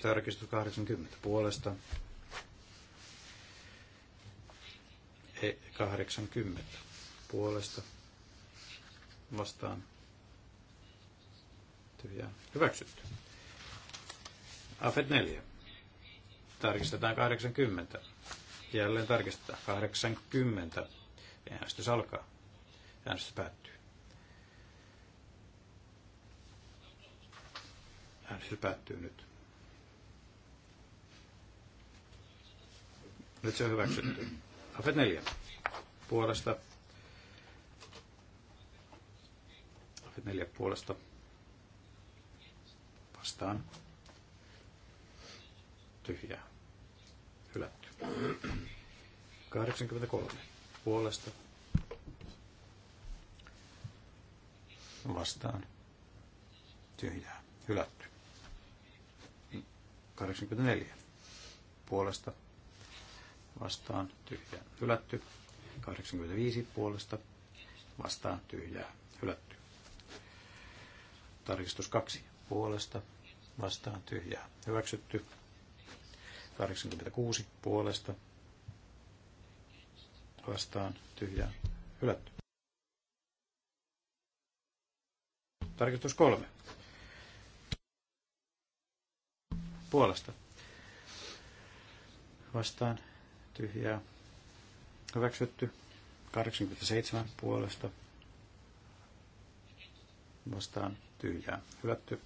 Tarkistus 80 puolesta. 80 e puolesta vastaan tyhjää hyväksytty. Afet 4. Tarkistetaan 80. Jälleen tarkistetaan 80. Äänestys alkaa. Äänestys päättyy. Äänestys päättyy nyt. Nyt se on hyväksytty. Afet 4. Puolesta neljä puolesta vastaan tyhjää hylätty. 83 puolesta vastaan tyhjää hylätty. 84 puolesta vastaan tyhjää hylätty. 85 puolesta vastaan tyhjää hylätty. Tarkistus 2 puolesta vastaan tyhjää hyväksytty. 86 puolesta vastaan tyhjää hylätty. Tarkistus 3 puolesta vastaan tyhjää hyväksytty. 87 puolesta vastaan tyhjää hylätty.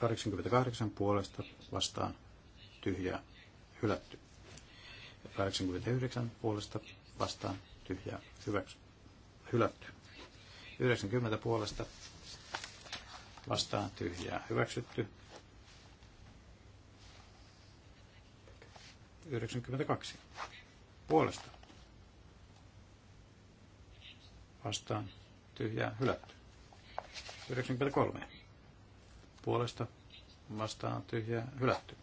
88 puolesta vastaan tyhjää hylätty. 89 puolesta vastaan tyhjää hyväksy, hylätty. 90 puolesta vastaan tyhjää hyväksytty. 92 puolesta vastaan tyhjää hylätty. 93. Puolesta vastaan tyhjä hylätty.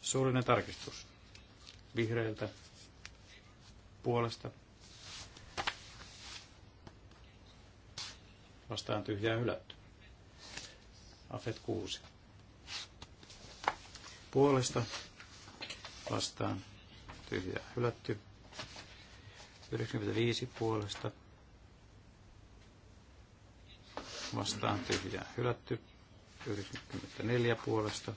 Suullinen tarkistus. Vihreiltä puolesta vastaan tyhjää hylätty. Afet 6. Puolesta vastaan tyhjää hylätty. 95 puolesta vastaan tyhjää hylätty. 94 puolesta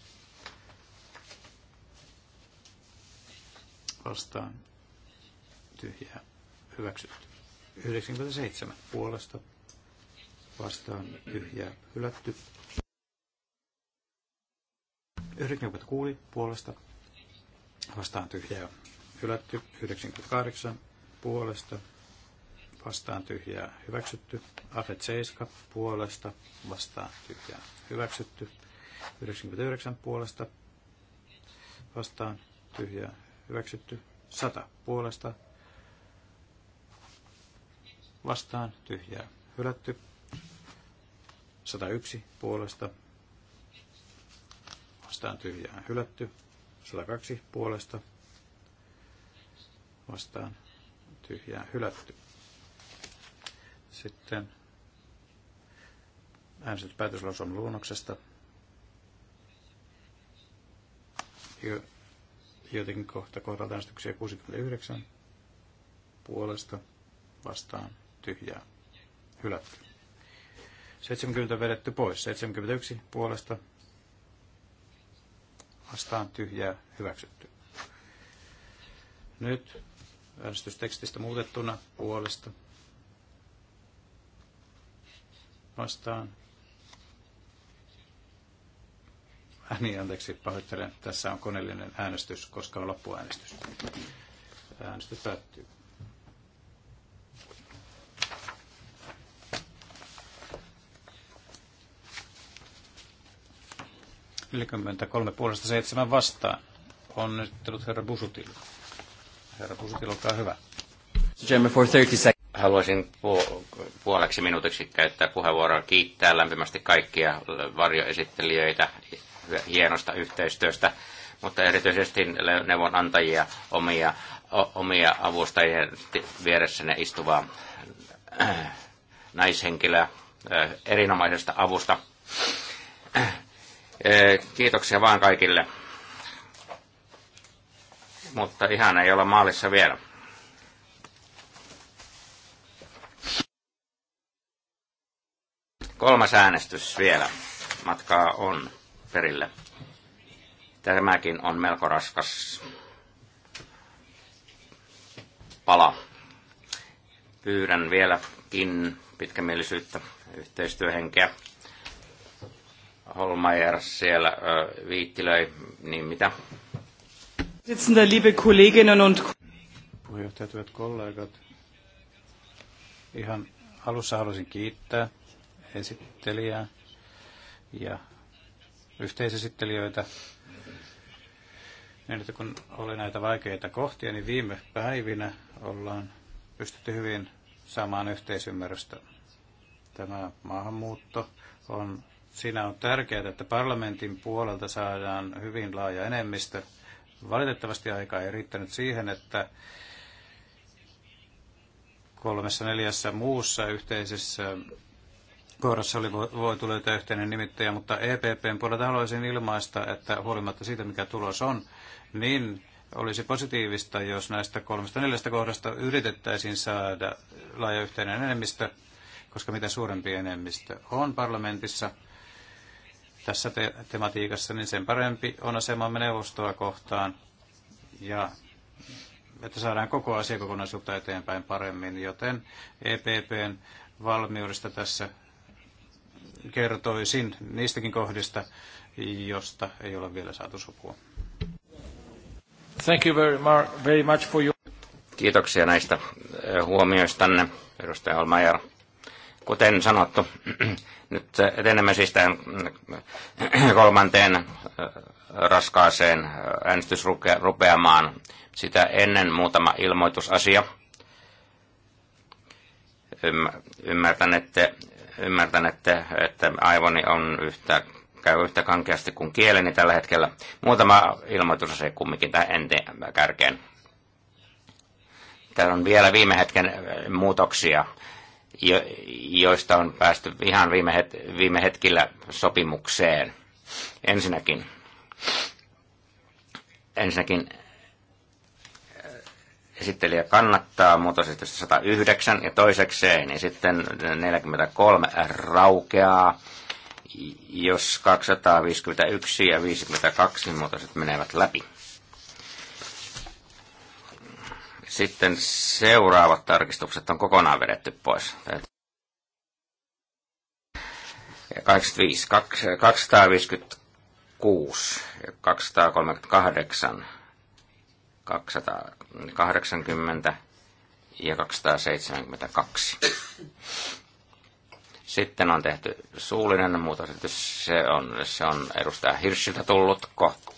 vastaan tyhjää hyväksytty. 97 puolesta vastaan tyhjää hylätty. 96 puolesta vastaan tyhjää hylätty. 98 puolesta vastaan tyhjää hyväksytty. Afet 7 puolesta vastaan tyhjää hyväksytty. 99 puolesta vastaan tyhjää hyväksytty. 100 puolesta vastaan tyhjää hylätty. 101 puolesta vastaan tyhjää hylätty. 102 puolesta vastaan tyhjää hylätty sitten äänestys päätöslauselman luonnoksesta. Jo, jotenkin kohta kohdalta äänestyksiä 69 puolesta vastaan tyhjää hylätty. 70 vedetty pois, 71 puolesta vastaan tyhjää hyväksytty. Nyt äänestystekstistä muutettuna puolesta vastaan. Äh, niin, anteeksi, pahoittelen. Tässä on koneellinen äänestys, koska on loppuäänestys. Äänestys päättyy. Neljäkymmentäkolme puolesta seitsemän vastaan. Onnittelut herra Busutilla. Herra Busutil, olkaa hyvä. Chairman, for 30 seconds haluaisin puoleksi minuutiksi käyttää puheenvuoroa kiittää lämpimästi kaikkia varjoesittelijöitä hienosta yhteistyöstä, mutta erityisesti neuvonantajia, omia, omia avustajien vieressäne istuvaa äh, naishenkilöä äh, erinomaisesta avusta. Äh, kiitoksia vaan kaikille. Mutta ihan ei ole maalissa vielä Kolmas äänestys vielä. Matkaa on perille. Tämäkin on melko raskas pala. Pyydän vieläkin pitkämielisyyttä, yhteistyöhenkeä. Holmeier siellä ö, viittilöi, niin mitä? Sitzende, liebe Kolleginnen und Puheenjohtajat, hyvät kollegat. Ihan alussa haluaisin kiittää esittelijää ja yhteisesittelijöitä. Niin, että kun oli näitä vaikeita kohtia, niin viime päivinä ollaan pystytty hyvin saamaan yhteisymmärrystä. Tämä maahanmuutto on, siinä on tärkeää, että parlamentin puolelta saadaan hyvin laaja enemmistö. Valitettavasti aika ei riittänyt siihen, että kolmessa neljässä muussa yhteisessä kohdassa oli voitu löytää yhteinen nimittäjä, mutta EPPn puolelta haluaisin ilmaista, että huolimatta siitä, mikä tulos on, niin olisi positiivista, jos näistä kolmesta neljästä kohdasta yritettäisiin saada laaja yhteinen enemmistö, koska mitä suurempi enemmistö on parlamentissa tässä te- tematiikassa, niin sen parempi on asemamme neuvostoa kohtaan ja että saadaan koko asiakokonaisuutta eteenpäin paremmin, joten EPPn valmiudesta tässä kertoisin niistäkin kohdista, josta ei ole vielä saatu sopua. Thank you very, very much for your... Kiitoksia näistä eh, huomioistanne, edustaja Olmajer. Kuten sanottu, nyt etenemme siis tämän eh, kolmanteen eh, raskaaseen äänestysrupeamaan. Sitä ennen muutama ilmoitusasia. Ymmärtän, että ymmärtän, että, että aivoni on yhtä, käy yhtä kankeasti kuin kieleni tällä hetkellä. Muutama ilmoitus se kumminkin tähän ente äh, kärkeen. Täällä on vielä viime hetken äh, muutoksia, jo, joista on päästy ihan viime, het, viime hetkillä sopimukseen. Ensinnäkin, ensinnäkin esittelijä kannattaa muutosesitystä 109 ja toisekseen, niin sitten 43 raukeaa, jos 251 ja 52 niin muutokset menevät läpi. Sitten seuraavat tarkistukset on kokonaan vedetty pois. 85, 256 ja 238 200, 280 ja 272. Sitten on tehty suullinen muutos, Se on, se on edustaja Hirschiltä tullut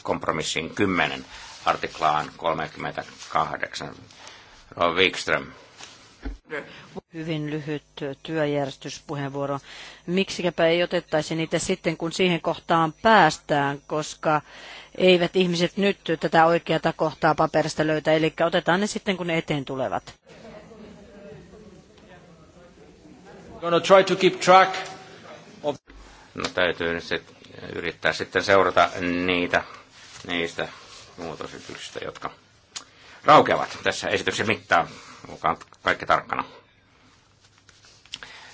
kompromissin 10 artiklaan 38. Wikström hyvin lyhyt työjärjestyspuheenvuoro. Miksikäpä ei otettaisi niitä sitten, kun siihen kohtaan päästään, koska eivät ihmiset nyt tätä oikeata kohtaa paperista löytä, eli otetaan ne sitten, kun ne eteen tulevat. Gonna try to keep track of... No täytyy nyt sit, yrittää sitten seurata niitä, niistä muutosyksistä, jotka raukeavat tässä esityksen mittaan. Olkaa kaikki tarkkana.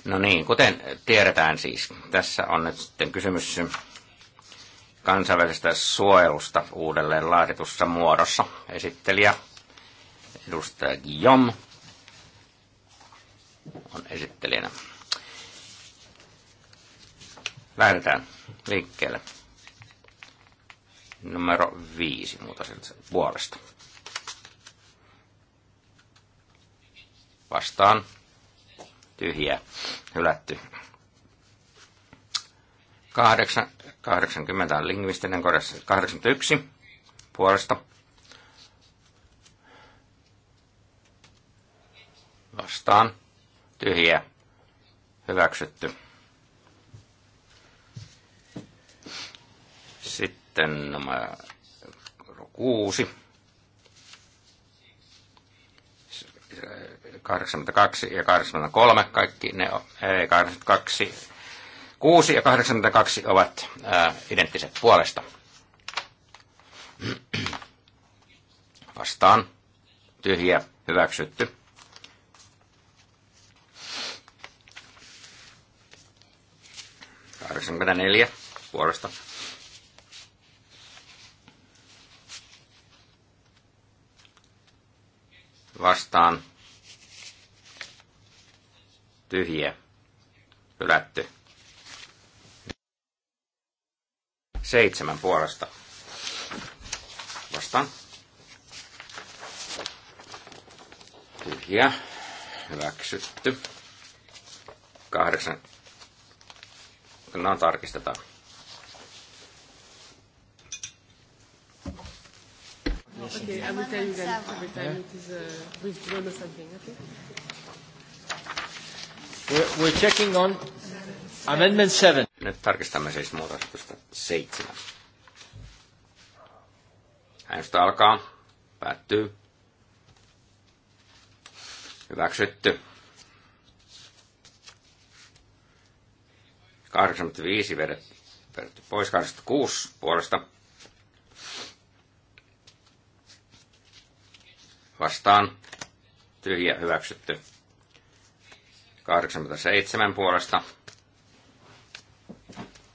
No niin, kuten tiedetään siis, tässä on nyt sitten kysymys kansainvälisestä suojelusta uudelleen laaditussa muodossa. Esittelijä edustaja Guillaume on esittelijänä. Lähdetään liikkeelle. Numero viisi muuta siltä puolesta. Vastaan tyhjä, hylätty. 8, 80 on lingvistinen korjaus, 81 puolesta. Vastaan, tyhjä, hyväksytty. Sitten numero kuusi 82 ja 83, kaikki ne, ei 82, 6 ja 82 ovat ää, identtiset puolesta. Vastaan. Tyhjä. Hyväksytty. Kahdeksankymmentäneljä puolesta vastaan. Tyhjiä. Hylätty. Seitsemän puolesta. Vastaan. Tyhjiä. Hyväksytty. Kahdeksan. No tarkistetaan. Okay, I will tell you then every time it is uh, withdrawn or something, okay? We're, we're checking on amendment 7. Nyt tarkistamme siis muutosta 7. Äänestys alkaa. Päättyy. Hyväksytty. 85 vedetty pois 86 puolesta vastaan tyhjä hyväksytty. 87 puolesta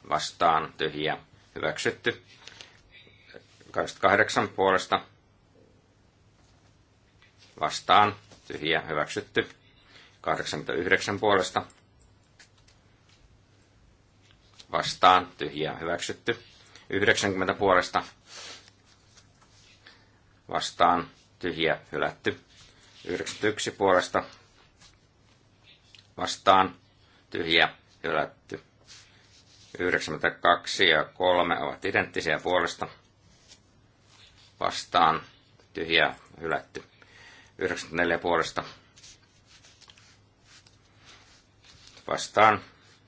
vastaan tyhjä hyväksytty. 88 puolesta vastaan tyhjä hyväksytty. 89 puolesta vastaan tyhjä hyväksytty. 90 puolesta vastaan tyhjä hylätty. 91 puolesta vastaan tyhjä hylätty. 92 ja 3 ovat identtisiä puolesta vastaan tyhjä hylätty. 94 puolesta vastaan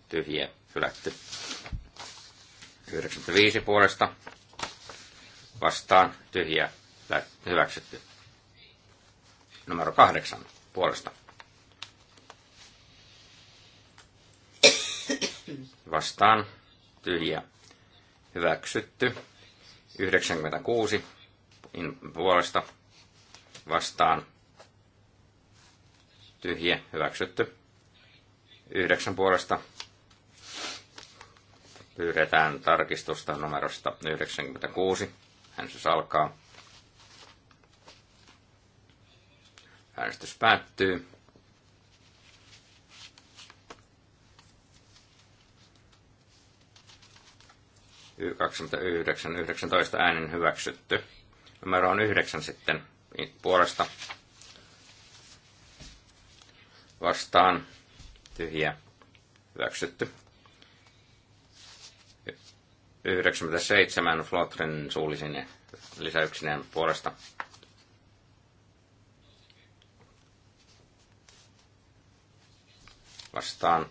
tyhjä hylätty. 95 puolesta vastaan tyhjä hyväksytty numero kahdeksan puolesta. Vastaan. Tyhjä. Hyväksytty. 96 puolesta. Vastaan. Tyhjä. Hyväksytty. Yhdeksän puolesta. Pyydetään tarkistusta numerosta 96. Hän siis alkaa. Äänestys päättyy. Y 29, 19 äänen hyväksytty. Numero on 9 sitten puolesta vastaan tyhjä hyväksytty. 97 Flotrin suullisin lisäyksineen puolesta vastaan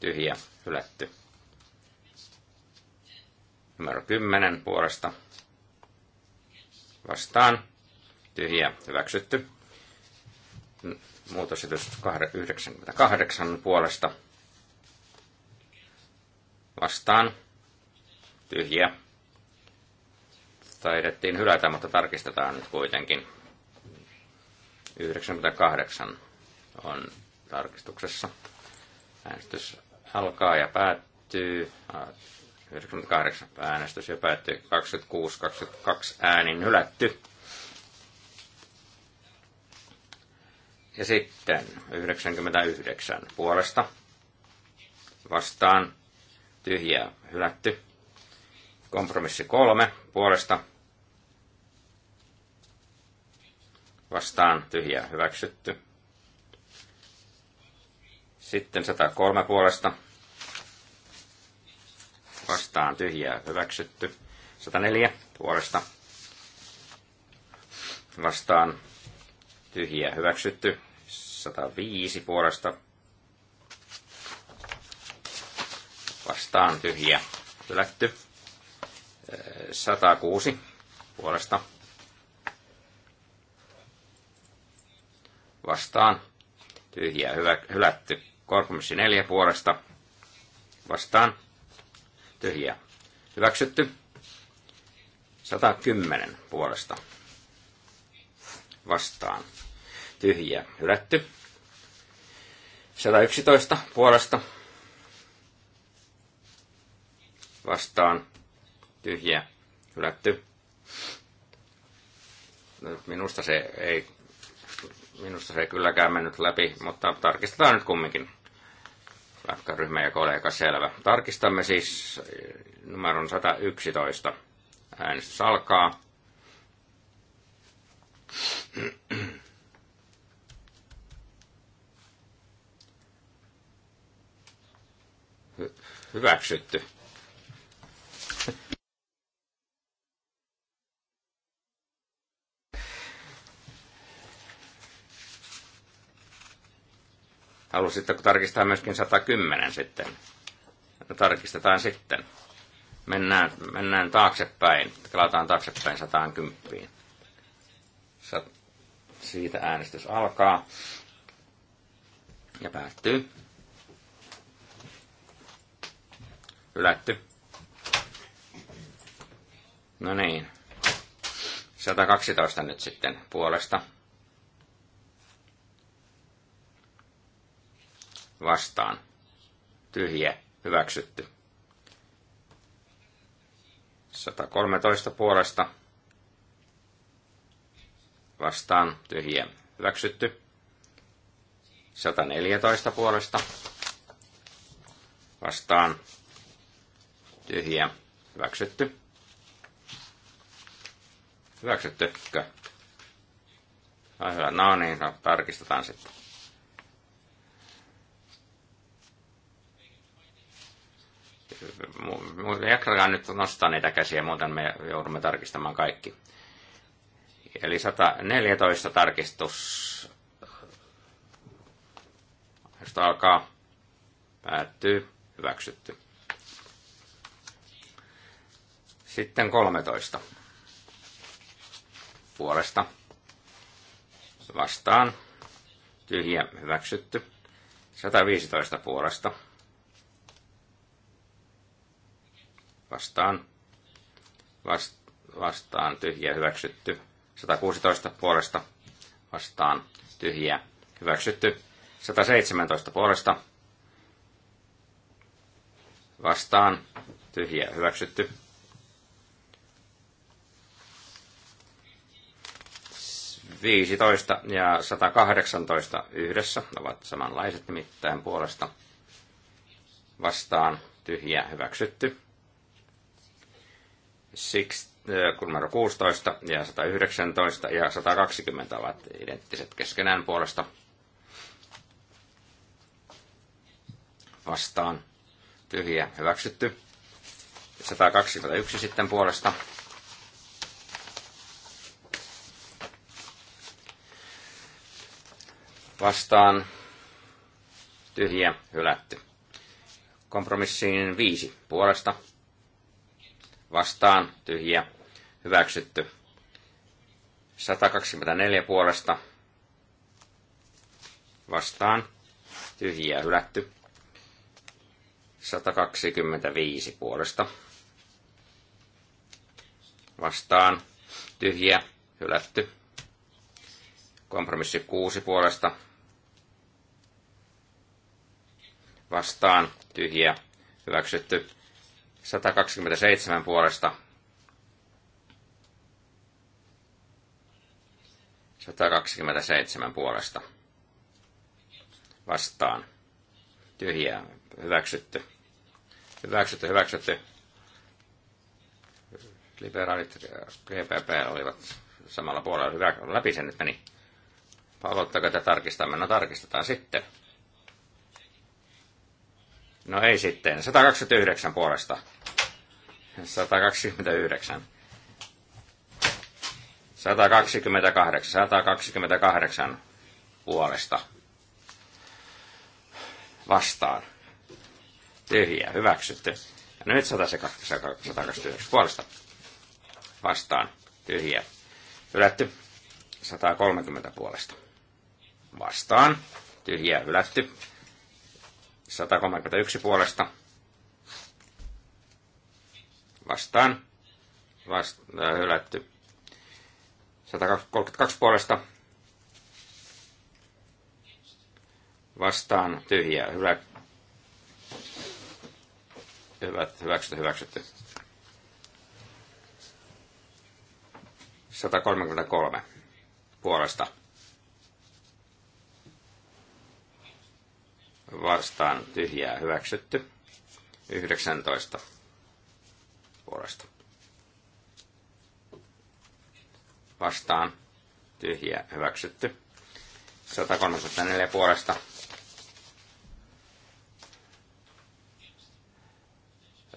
tyhjä hylätty. Numero 10 puolesta vastaan tyhjä hyväksytty. Muutosesitys 98 puolesta vastaan tyhjä. Taidettiin hylätä, mutta tarkistetaan nyt kuitenkin. 98 on tarkistuksessa. Äänestys alkaa ja päättyy. 98 äänestys ja päättyy 26-22 äänin hylätty. Ja sitten 99 puolesta vastaan tyhjää hylätty. Kompromissi kolme puolesta vastaan tyhjää hyväksytty. Sitten 103 puolesta. Vastaan tyhjää hyväksytty. 104 puolesta. Vastaan tyhjää hyväksytty. 105 puolesta. Vastaan tyhjä hylätty. 106 puolesta. Vastaan tyhjää hylätty. Kompromissi neljä puolesta vastaan. Tyhjä. Hyväksytty. 110 puolesta vastaan. Tyhjä. Hylätty. 111 puolesta vastaan. Tyhjä. Hylätty. No, minusta se ei, minusta se ei kylläkään mennyt läpi, mutta tarkistetaan nyt kumminkin ryhmä ja kollega selvä. Tarkistamme siis eh, numeron 111. Äänestys alkaa. Hyväksytty. Halusitteko tarkistaa myöskin 110 sitten? No, tarkistetaan sitten. Mennään, mennään taaksepäin. Kelataan taaksepäin 110. Sat, siitä äänestys alkaa ja päättyy. Ylätty. No niin. 112 nyt sitten puolesta vastaan. Tyhjä, hyväksytty. 113 puolesta vastaan tyhjä, hyväksytty. 114 puolesta vastaan tyhjä, hyväksytty. Hyväksyttykö? Ai hyvä, no niin, no, tarkistetaan sitten. Jaksakaa nyt nostaa niitä käsiä, muuten me joudumme tarkistamaan kaikki. Eli 114 tarkistus. Sitä alkaa. Päättyy. Hyväksytty. Sitten 13. Puolesta. Vastaan. Tyhjä. Hyväksytty. 115 puolesta vastaan, vast, vastaan tyhjä hyväksytty. 116 puolesta vastaan tyhjä hyväksytty. 117 puolesta vastaan tyhjä hyväksytty. 15 ja 118 yhdessä ovat samanlaiset nimittäin puolesta vastaan tyhjä hyväksytty. 16 äh, ja 119 ja 120 ovat identtiset keskenään puolesta vastaan. Tyhjä hyväksytty. 121 sitten puolesta. Vastaan tyhjä hylätty. Kompromissiin 5 puolesta vastaan tyhjä hyväksytty. 124 puolesta vastaan tyhjiä hylätty. 125 puolesta vastaan tyhjiä hylätty. Kompromissi 6 puolesta vastaan tyhjiä hyväksytty. 127 puolesta. 127 puolesta. Vastaan. Tyhjää. Hyväksytty. Hyväksytty, hyväksytty. Liberaalit GPP olivat samalla puolella. Hyvä, läpi sen nyt meni. Haluatteko te tarkistamme? No tarkistetaan sitten. No ei sitten. 129 puolesta. 129. 128, 128 puolesta vastaan. Tyhjiä, hyväksytty. Ja nyt 129 puolesta vastaan. Tyhjiä. hylätty. 130 puolesta vastaan. Tyhjiä, hylätty. 131 puolesta vastaan. Vast, äh, hylätty. 132 puolesta vastaan tyhjää. Hyvä, hyvät, hyväksytty, hyväksytty. 133 puolesta vastaan tyhjää hyväksytty. 19 puolesta. Vastaan Tyhjä. hyväksytty. 134 puolesta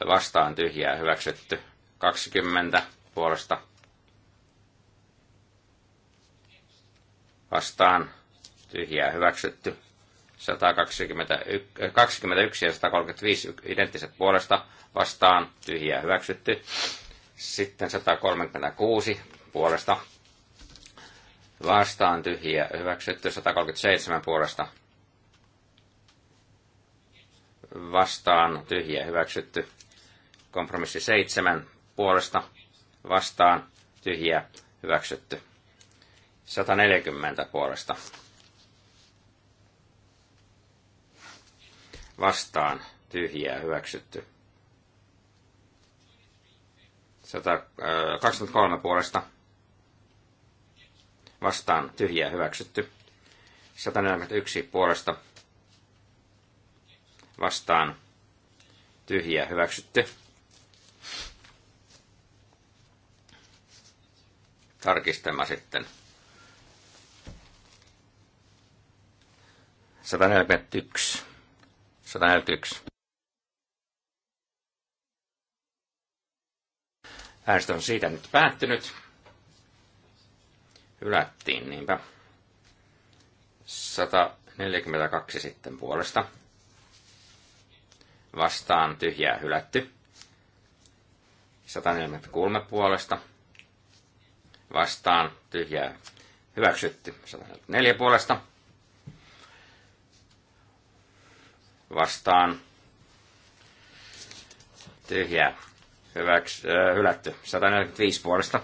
vastaan tyhjää hyväksytty. 20 puolesta vastaan tyhjää hyväksytty. 121 ja 135 identtiset puolesta vastaan, tyhjää hyväksytty. Sitten 136 puolesta vastaan, tyhjää hyväksytty. 137 puolesta vastaan, tyhjää hyväksytty. Kompromissi 7 puolesta vastaan, tyhjää hyväksytty. 140 puolesta vastaan tyhjää hyväksytty. 123 äh, puolesta vastaan tyhjää hyväksytty. 141 puolesta vastaan tyhjää hyväksytty. Tarkistama sitten. 141. 141. Äänestys on siitä nyt päättynyt. Hylättiin niinpä. 142 sitten puolesta. Vastaan tyhjää hylätty. 143 puolesta. Vastaan tyhjää hyväksytty. 144 puolesta vastaan tyhjää hyväks, äh, hylätty. 145 puolesta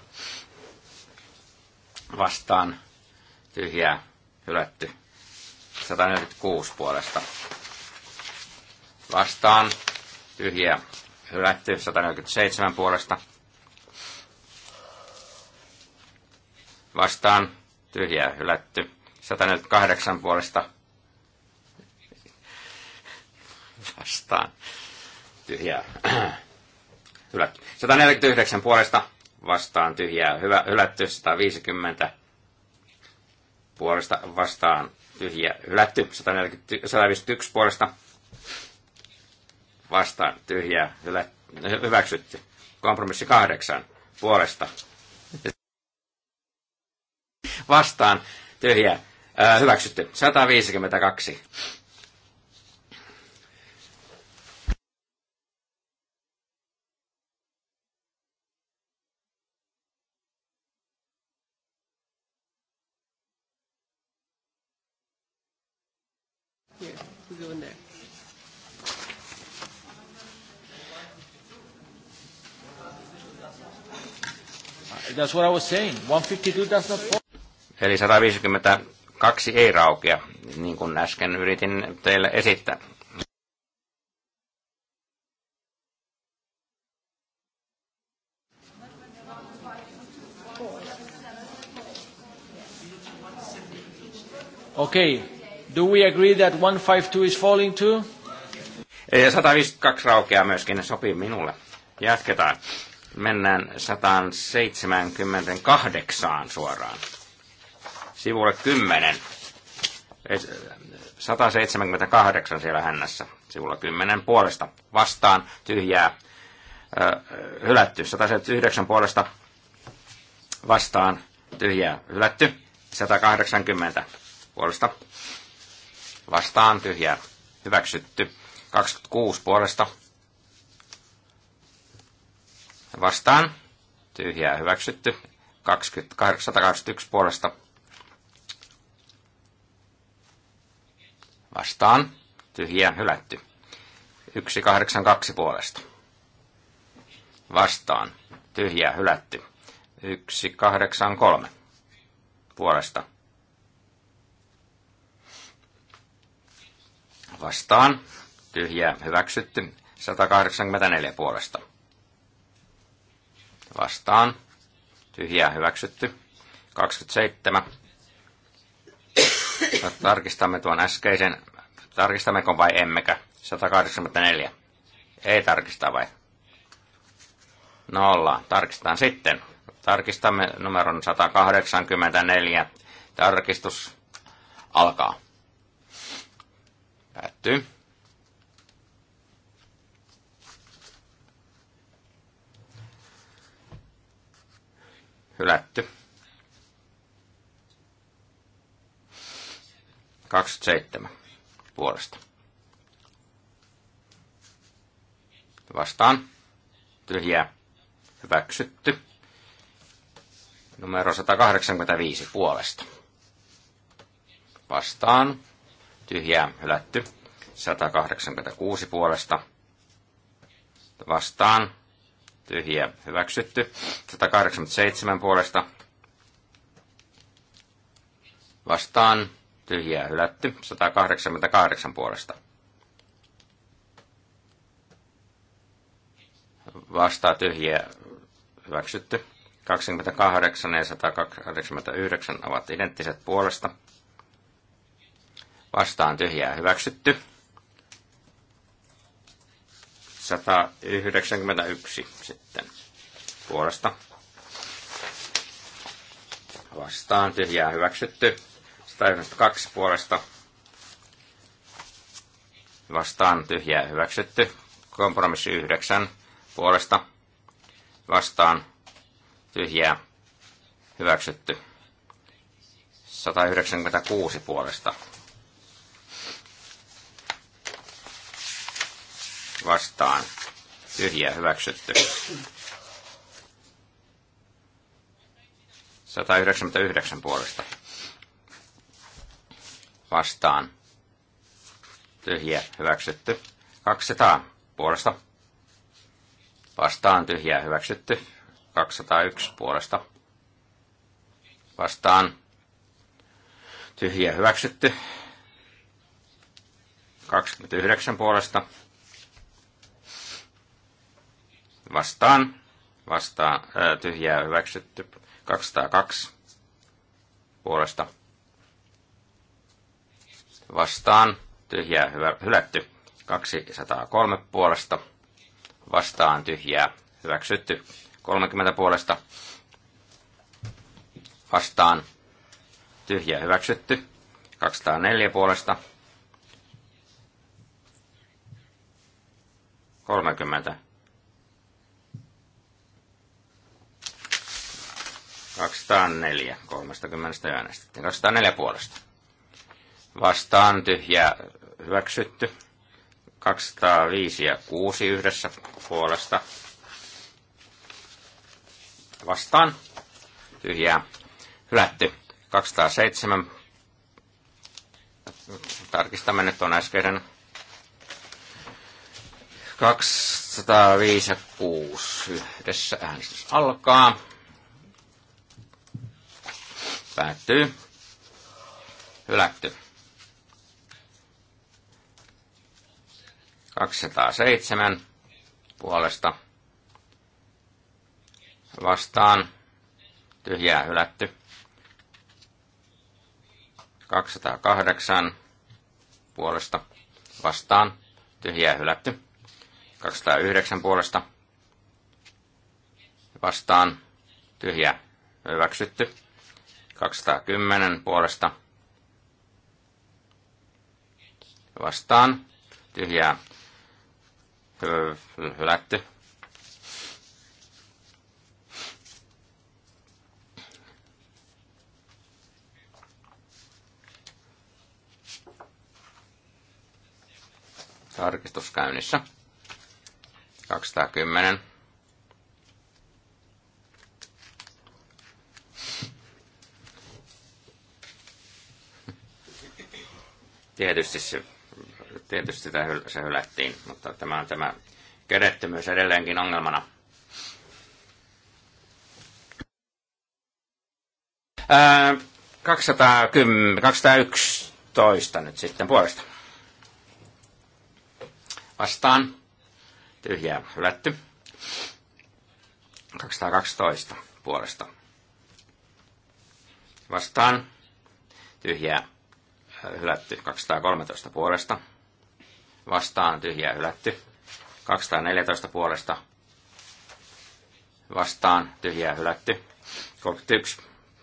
vastaan tyhjää hylätty. 146 puolesta vastaan tyhjää hylätty. 147 puolesta vastaan tyhjää hylätty. 148 puolesta vastaan. Tyhjää. Hylätty. 149 puolesta vastaan tyhjää. Hyvä, hylätty. 150 puolesta vastaan tyhjää. Hylätty. 140, 151 puolesta vastaan tyhjää. Hylä, hyväksytty. Kompromissi 8 puolesta vastaan tyhjää. hyväksytty. 152 That's what I was saying. 152 does not fall. Eli 152 ei raukea, niin kuin äsken yritin teille esittää. Okay. Do we agree that 152 is falling too? 152 raukeaa myöskin, sopii minulle. Jatketaan mennään 178 suoraan. Sivulle 10. 178 siellä hännässä. Sivulla 10 puolesta vastaan tyhjää ö, hylätty. 179 puolesta vastaan tyhjää hylätty. 180 puolesta vastaan tyhjää hyväksytty. 26 puolesta vastaan. Tyhjää hyväksytty. 20, puolesta vastaan. Tyhjää hylätty. 182 puolesta vastaan. Tyhjää hylätty. 183 puolesta vastaan. Tyhjää hyväksytty. 184 puolesta vastaan. Tyhjää hyväksytty. 27. Tarkistamme tuon äskeisen. Tarkistammeko vai emmekä? 184. Ei tarkista vai? Nolla. Tarkistetaan sitten. Tarkistamme numeron 184. Tarkistus alkaa. Päättyy. hylätty. 27 puolesta. Vastaan. Tyhjää. Hyväksytty. Numero 185 puolesta. Vastaan. Tyhjää. Hylätty. 186 puolesta. Vastaan tyhjiä hyväksytty. 187 puolesta vastaan tyhjiä hylätty. 188 puolesta vastaan tyhjiä hyväksytty. 28 ja 189 ovat identtiset puolesta. Vastaan tyhjää hyväksytty. 191 sitten puolesta. Vastaan tyhjää hyväksytty. 192 puolesta. Vastaan tyhjää hyväksytty. Kompromissi 9 puolesta. Vastaan tyhjää hyväksytty. 196 puolesta vastaan tyhjä hyväksytty. 199 puolesta vastaan tyhjä hyväksytty. 200 puolesta vastaan tyhjä hyväksytty. 201 puolesta vastaan tyhjä hyväksytty. 29 puolesta vastaan. Vastaa tyhjää hyväksytty 202 puolesta vastaan. Tyhjää hyvä, hylätty 203 puolesta vastaan tyhjää hyväksytty 30 puolesta vastaan tyhjää hyväksytty 204 puolesta 30 204, 30 äänestettiin. 204 puolesta. Vastaan tyhjä hyväksytty. 205 ja 6 yhdessä puolesta. Vastaan tyhjää hylätty. 207. Tarkistamme nyt on äskeinen. 205 ja 6 yhdessä äänestys alkaa. Päättyy. Hylätty. 207 puolesta vastaan tyhjää hylätty. 208 puolesta vastaan tyhjää hylätty. 209 puolesta vastaan tyhjä, hyväksytty. 210 puolesta vastaan. Tyhjää hylätty. Tarkistus käynnissä. 210. Tietysti se, tietysti sitä hyl, se hylättiin, mutta tämä on tämä kädettömyys edelleenkin ongelmana. Ää, 210, 211 nyt sitten puolesta. Vastaan. Tyhjää hylätty. 212 puolesta. Vastaan. Tyhjää hylätty. 213 puolesta vastaan tyhjä hylätty. 214 puolesta vastaan tyhjä hylätty. 31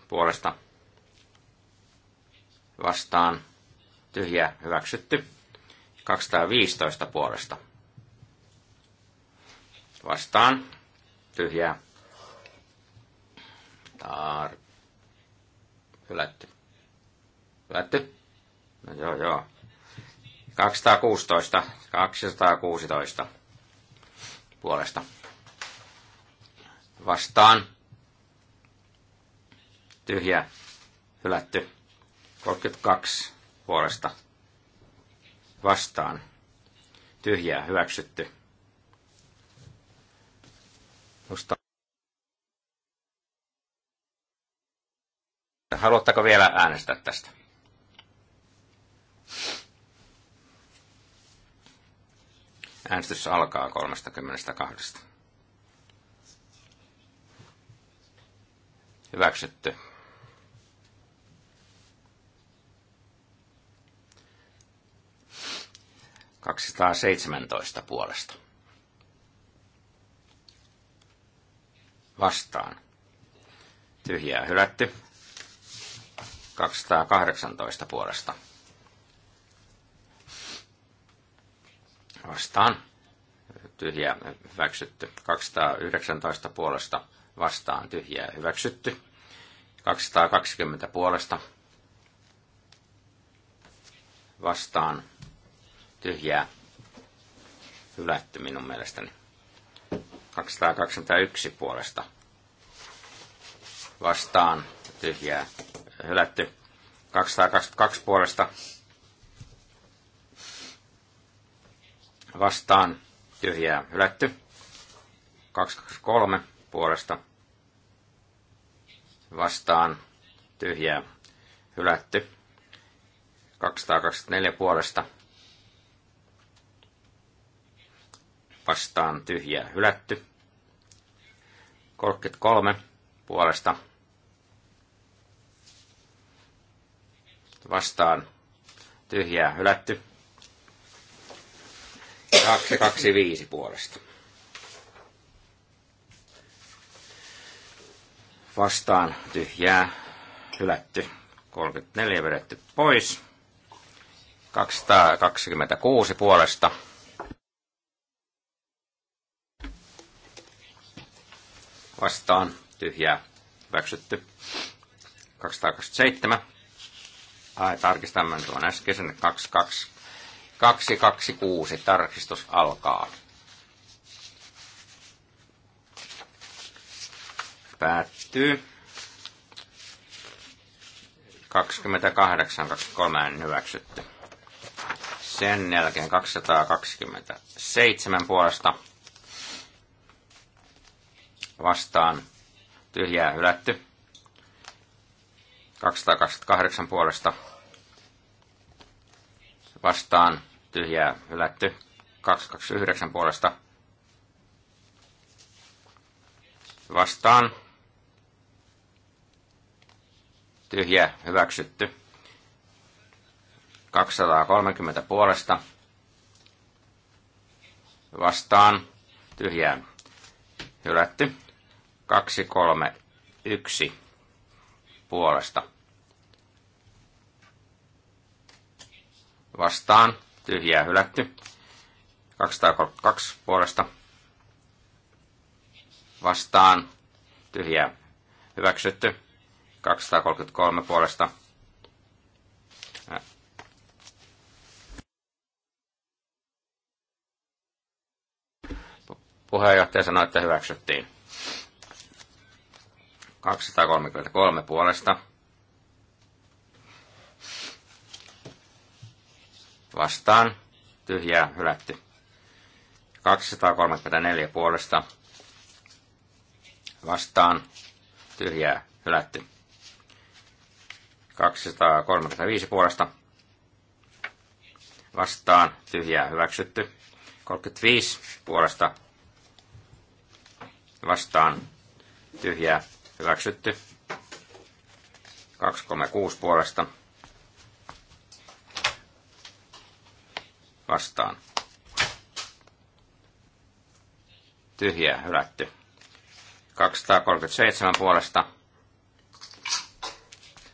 puolesta vastaan tyhjä hyväksytty. 215 puolesta vastaan tyhjä tar hylätty. Hylätty. No joo, joo. 216, 216 puolesta vastaan. Tyhjä, hylätty. 32 puolesta vastaan. Tyhjää, hyväksytty. Musta. Haluatteko vielä äänestää tästä? Äänestys alkaa 32. Hyväksytty. seitsemäntoista puolesta. Vastaan. Tyhjää hylätty. kahdeksantoista puolesta vastaan tyhjää hyväksytty. 219 puolesta vastaan tyhjää hyväksytty. 220 puolesta vastaan tyhjää hylätty minun mielestäni. 221 puolesta vastaan tyhjää hylätty. 222 puolesta vastaan tyhjää hylätty. 223 puolesta vastaan tyhjää hylätty. 224 puolesta vastaan tyhjää hylätty. 33 puolesta vastaan tyhjää hylätty. 225 puolesta. Vastaan tyhjää, hylätty. 34 vedetty pois. 226 puolesta. Vastaan tyhjää, hyväksytty. 227. Ai, tarkistamme tuon äskeisen 22 226 tarkistus alkaa. Päättyy. 28, 23 hyväksytty. Sen jälkeen 227 puolesta vastaan tyhjää hylätty. 228 puolesta vastaan tyhjää hylätty. 229 puolesta vastaan tyhjä hyväksytty. 230 puolesta vastaan tyhjää hylätty. 231 puolesta vastaan, tyhjää hylätty. 232 puolesta vastaan, tyhjää hyväksytty. 233 puolesta puheenjohtaja sanoi, että hyväksyttiin. 233 puolesta vastaan, tyhjää hylätty. 234 puolesta vastaan, tyhjää hylätty. 235 puolesta vastaan, tyhjää hyväksytty. 35 puolesta vastaan, tyhjää hyväksytty. 236 puolesta vastaan. Tyhjä hylätty. 237 puolesta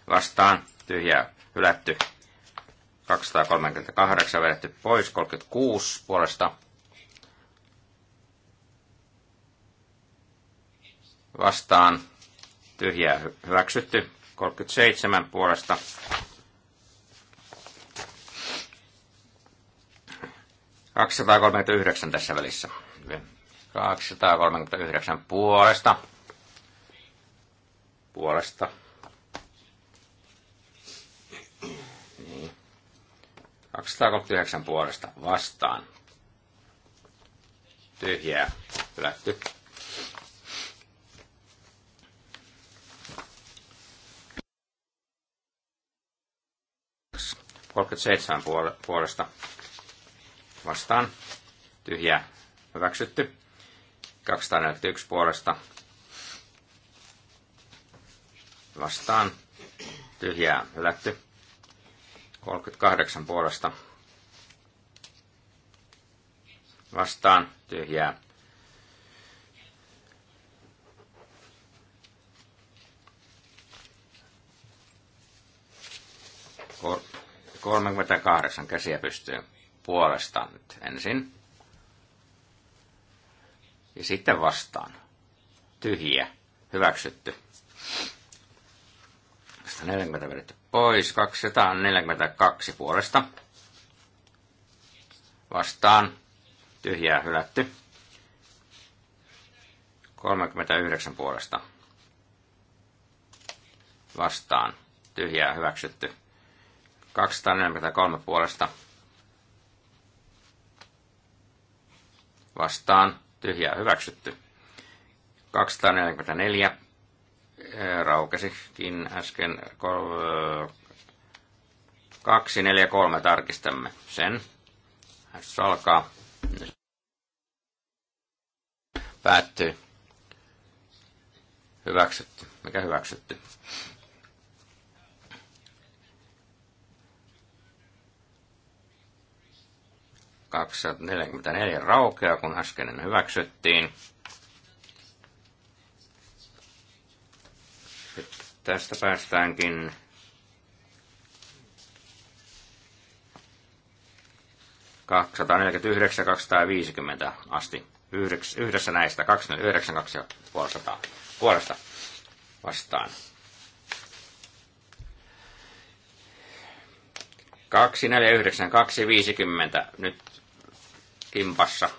vastaan. Tyhjä hylätty. 238 vedetty pois. 36 puolesta vastaan. Tyhjä hyväksytty. 37 puolesta 239 tässä välissä. 239 puolesta. Puolesta. Niin. 239 puolesta vastaan. Tyhjää. Hylätty. seitsemän puolesta vastaan Tyhjä hyväksytty. 241 puolesta vastaan tyhjää hylätty. 38 puolesta vastaan tyhjää Kor- 38 käsiä pystyy puolestaan nyt ensin. Ja sitten vastaan. Tyhjiä. Hyväksytty. 140 vedetty pois. 242 puolesta. Vastaan. Tyhjää hylätty. 39 puolesta. Vastaan. Tyhjää hyväksytty. 243 puolesta vastaan tyhjää hyväksytty. 244 raukesikin äsken 243 tarkistamme sen. Jos alkaa. Päättyy. Hyväksytty. Mikä hyväksytty? 244 raukeaa, kun äskeinen hyväksyttiin. tästä päästäänkin ...249-250 asti. Yhdessä näistä 249 200 puolesta vastaan. 249-250. Nyt kimpassa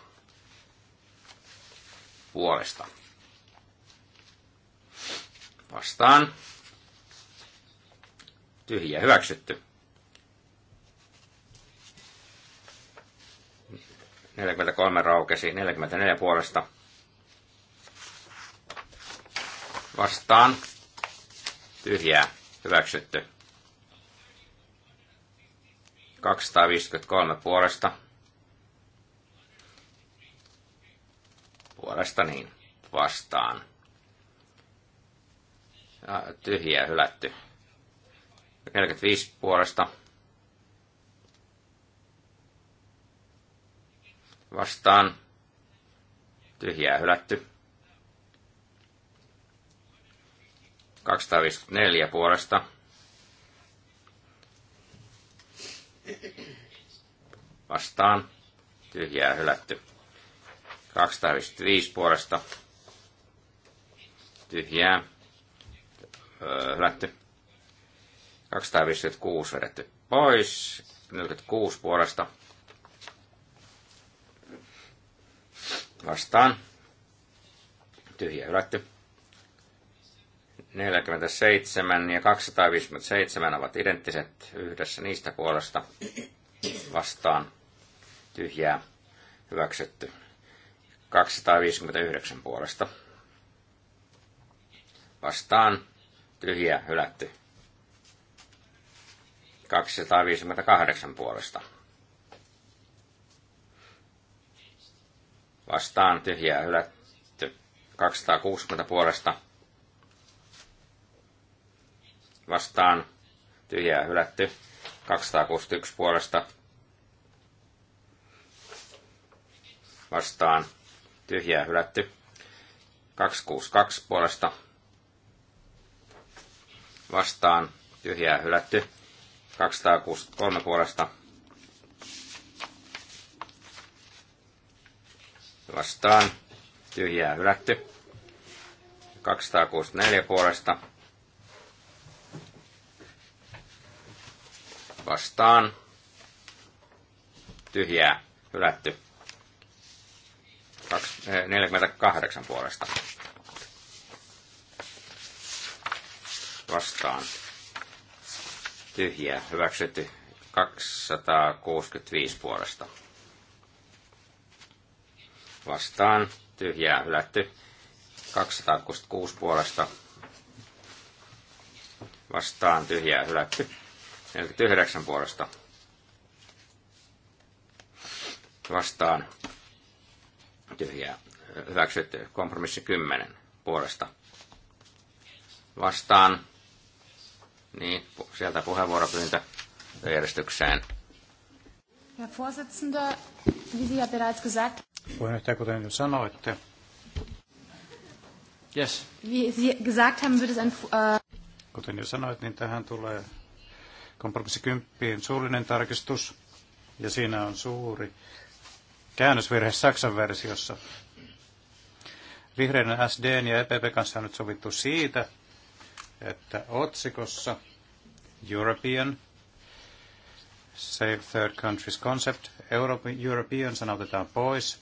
puolesta. Vastaan. Tyhjä hyväksytty. 43 raukesi, 44 puolesta. Vastaan. Tyhjää. Hyväksytty. 253 puolesta. puolesta niin vastaan. Ja tyhjiä hylätty. 45 puolesta vastaan. Tyhjiä hylätty. 254 puolesta. Vastaan. Tyhjää hylätty. 255 puolesta tyhjää hylätty. 256 vedetty pois. 46 puolesta vastaan. Tyhjä hylätty. 47 ja 257 ovat identtiset yhdessä niistä puolesta vastaan. Tyhjää hyväksytty. 259 puolesta. Vastaan tyhjä hylätty. 258 puolesta. Vastaan tyhjää hylätty. 260 puolesta. Vastaan tyhjää hylätty. 261 puolesta. Vastaan tyhjää hylätty. 262 puolesta vastaan tyhjää hylätty. 263 puolesta vastaan tyhjää hylätty. 264 puolesta vastaan tyhjää hylätty. 48 eh, puolesta. Vastaan. Tyhjä. Hyväksytty 265 puolesta. Vastaan. Tyhjää. Hylätty 266 puolesta. Vastaan. Tyhjää. Hylätty 49 puolesta. Vastaan tyhjää hyväksytty. Kompromissi 10 puolesta vastaan. Niin, sieltä puheenvuoropyyntö järjestykseen. Herr Vorsitzender, wie Sie ja bereits gesagt Puheenjohtaja, kuten jo sanoitte. Yes. Wie Sie gesagt haben, würde es ein... Äh... Kuten jo sanoit, niin tähän tulee kompromissi kymppiin suullinen tarkistus, ja siinä on suuri käännösvirhe Saksan versiossa. Vihreiden SDn ja EPP kanssa on nyt sovittu siitä, että otsikossa European Save Third Countries Concept, European sanotetaan pois.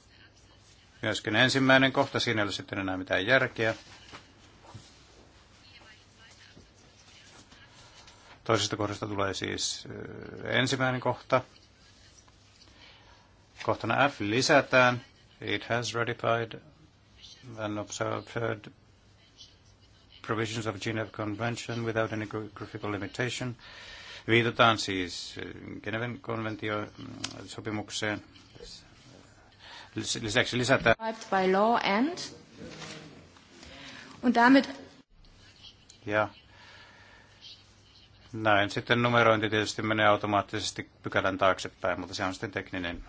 Myöskin ensimmäinen kohta, siinä ei ole sitten enää mitään järkeä. Toisesta kohdasta tulee siis ensimmäinen kohta. Kohtana F lisätään. It has ratified and observed provisions of Geneva Convention without any graphical limitation. Viitataan siis eh, Geneven konventio sopimukseen. Lisäksi lisätään by law and und damit ja näin sitten numerointi tietysti menee automaattisesti pykälän taaksepäin, mutta se on sitten tekninen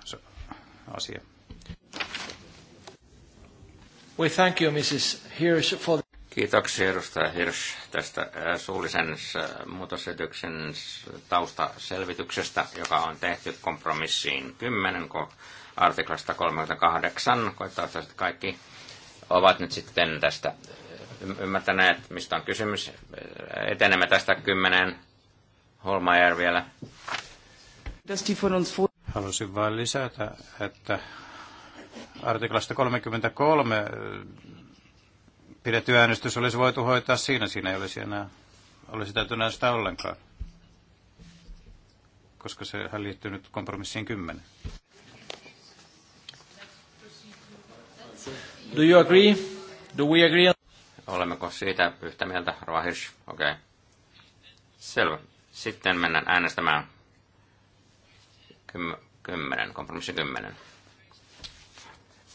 asia. We thank you, Mrs. Hirsch, for the... Kiitoksia edustaja Hirsch tästä suullisen muutosetyksen taustaselvityksestä, joka on tehty kompromissiin 10 artiklasta 38. Koittavasti kaikki ovat nyt sitten tästä ymmärtäneet, mistä on kysymys. Etenemme tästä 10. Holmajär vielä. Halusin vain lisätä, että artiklasta 33 pidetty äänestys olisi voitu hoitaa siinä. Siinä ei olisi enää, olisi täytynyt äänestää ollenkaan, koska sehän liittyy nyt kompromissiin 10. Do you agree? Do we agree? Olemmeko siitä yhtä mieltä, Rahish? Okei. Okay. Selvä. Sitten mennään äänestämään. 10, kompromissi 10.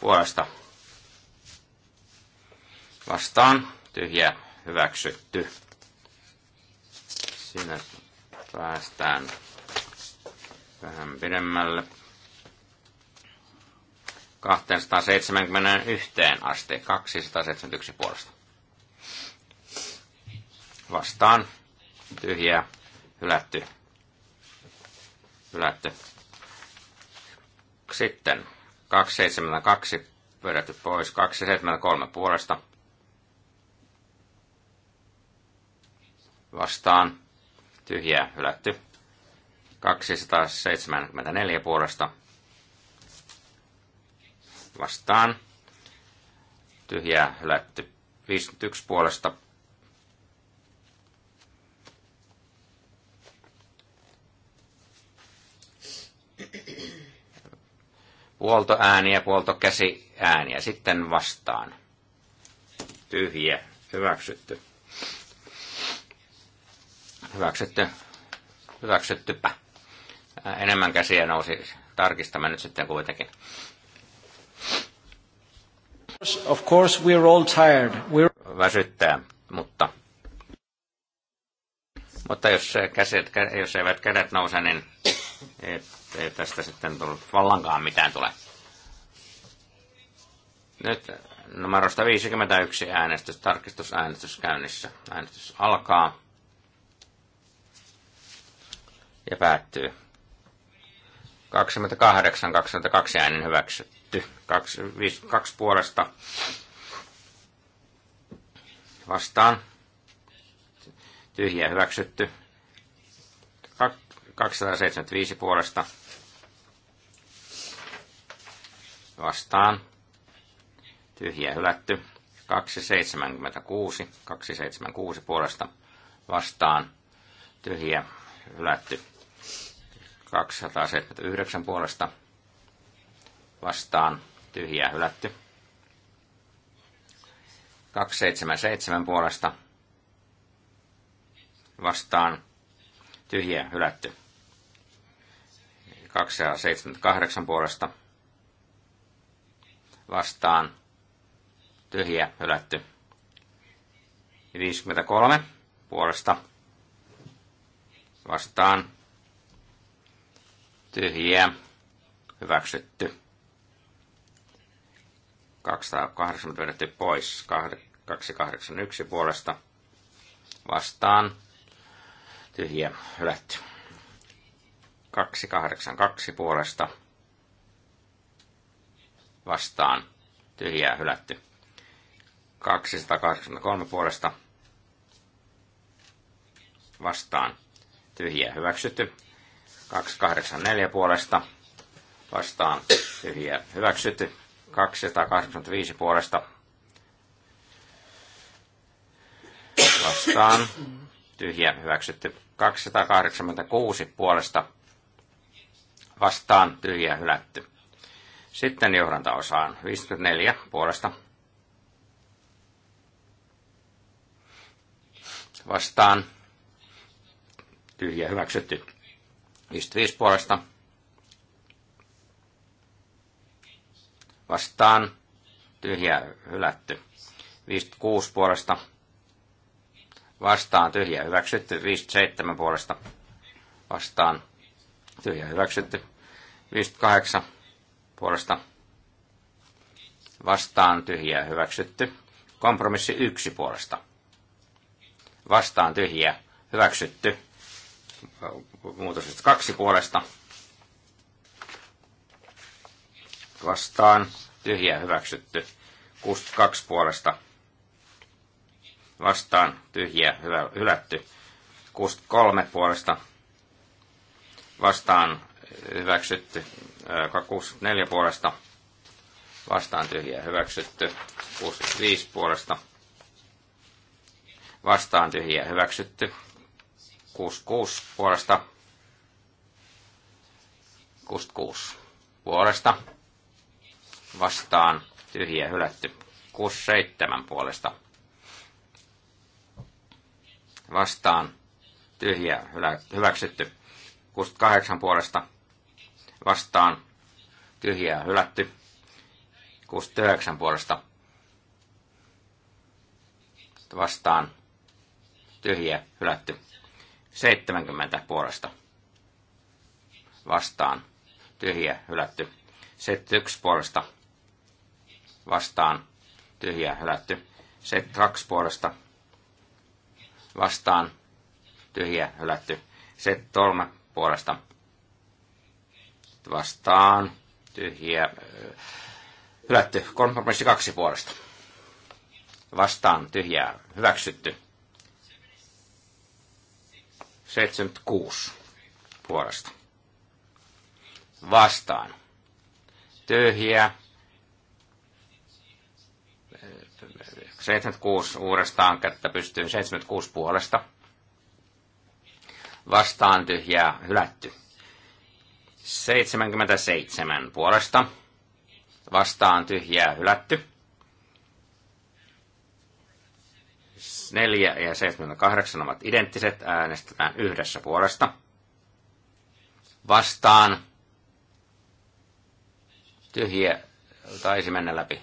Puolesta vastaan tyhjä hyväksytty. Siinä päästään vähän pidemmälle. 271 asti, 271 puolesta. Vastaan tyhjä hylätty. Hylätty. Sitten 272 pyydetty pois, 273 puolesta vastaan tyhjää hylätty. 274 puolesta vastaan tyhjää hylätty. 51 puolesta puolto ääniä, puolto käsi ääniä, sitten vastaan. Tyhjiä, hyväksytty. Hyväksytty, hyväksyttypä. Äh, enemmän käsiä nousi, tarkistamme nyt sitten kuitenkin. Of course we're all tired. We're... Väsyttää, mutta mutta jos, käsit, jos eivät kädet nouse, niin ei tästä sitten tullut vallankaan mitään tule. Nyt numerosta 51 äänestys, tarkistus, äänestys käynnissä. Äänestys alkaa ja päättyy. 28, 22 äänen hyväksytty. 2, 5, 2 puolesta vastaan. Tyhjä hyväksytty. 275 puolesta vastaan. Tyhjä hylätty. 276, 276 puolesta vastaan. Tyhjä hylätty. 279 puolesta vastaan. Tyhjä hylätty. 277 puolesta vastaan. Tyhjä hylätty. 278 puolesta vastaan vastaan tyhjä hylätty. 53 puolesta vastaan tyhjiä hyväksytty. 280 vedetty pois, 281 puolesta vastaan tyhjiä hylätty. 282 puolesta vastaan tyhjää hylätty. 283 puolesta vastaan tyhjää hyväksytty. 284 puolesta vastaan tyhjää hyväksytty. 285 puolesta vastaan tyhjää hyväksytty. 286 puolesta vastaan tyhjää hylätty. Sitten johdantaosaan 54 puolesta. Vastaan tyhjä hyväksytty 55 puolesta. Vastaan tyhjä hylätty 56 puolesta. Vastaan tyhjä hyväksytty 57 puolesta. Vastaan tyhjä hyväksytty 58 puolesta vastaan tyhjää hyväksytty. Kompromissi yksi puolesta vastaan tyhjää hyväksytty. Muutos kaksi puolesta vastaan tyhjää hyväksytty. 62 puolesta vastaan tyhjää hyvä, hylätty. 63 puolesta vastaan hyväksytty. 64 puolesta vastaan tyhjää hyväksytty. 65 puolesta vastaan tyhjää hyväksytty. 66 puolesta. 66 puolesta vastaan tyhjä hylätty. 67 puolesta vastaan tyhjä hylä, hyväksytty. 68 puolesta vastaan tyhjää hylätty. 69 puolesta vastaan tyhjä hylätty. 70 puolesta vastaan tyhjä hylätty. 71 puolesta vastaan tyhjä hylätty. 72 puolesta vastaan tyhjä hylätty. 73 puolesta vastaan tyhjiä hylätty. Kompromissi kaksi puolesta vastaan tyhjää hyväksytty. 76 puolesta vastaan tyhjiä 76 uudestaan kättä pystyyn 76 puolesta vastaan tyhjää hylätty. 77 puolesta. Vastaan tyhjää hylätty. 4 ja 78 ovat identtiset. Äänestetään yhdessä puolesta. Vastaan. Tyhjä taisi mennä läpi.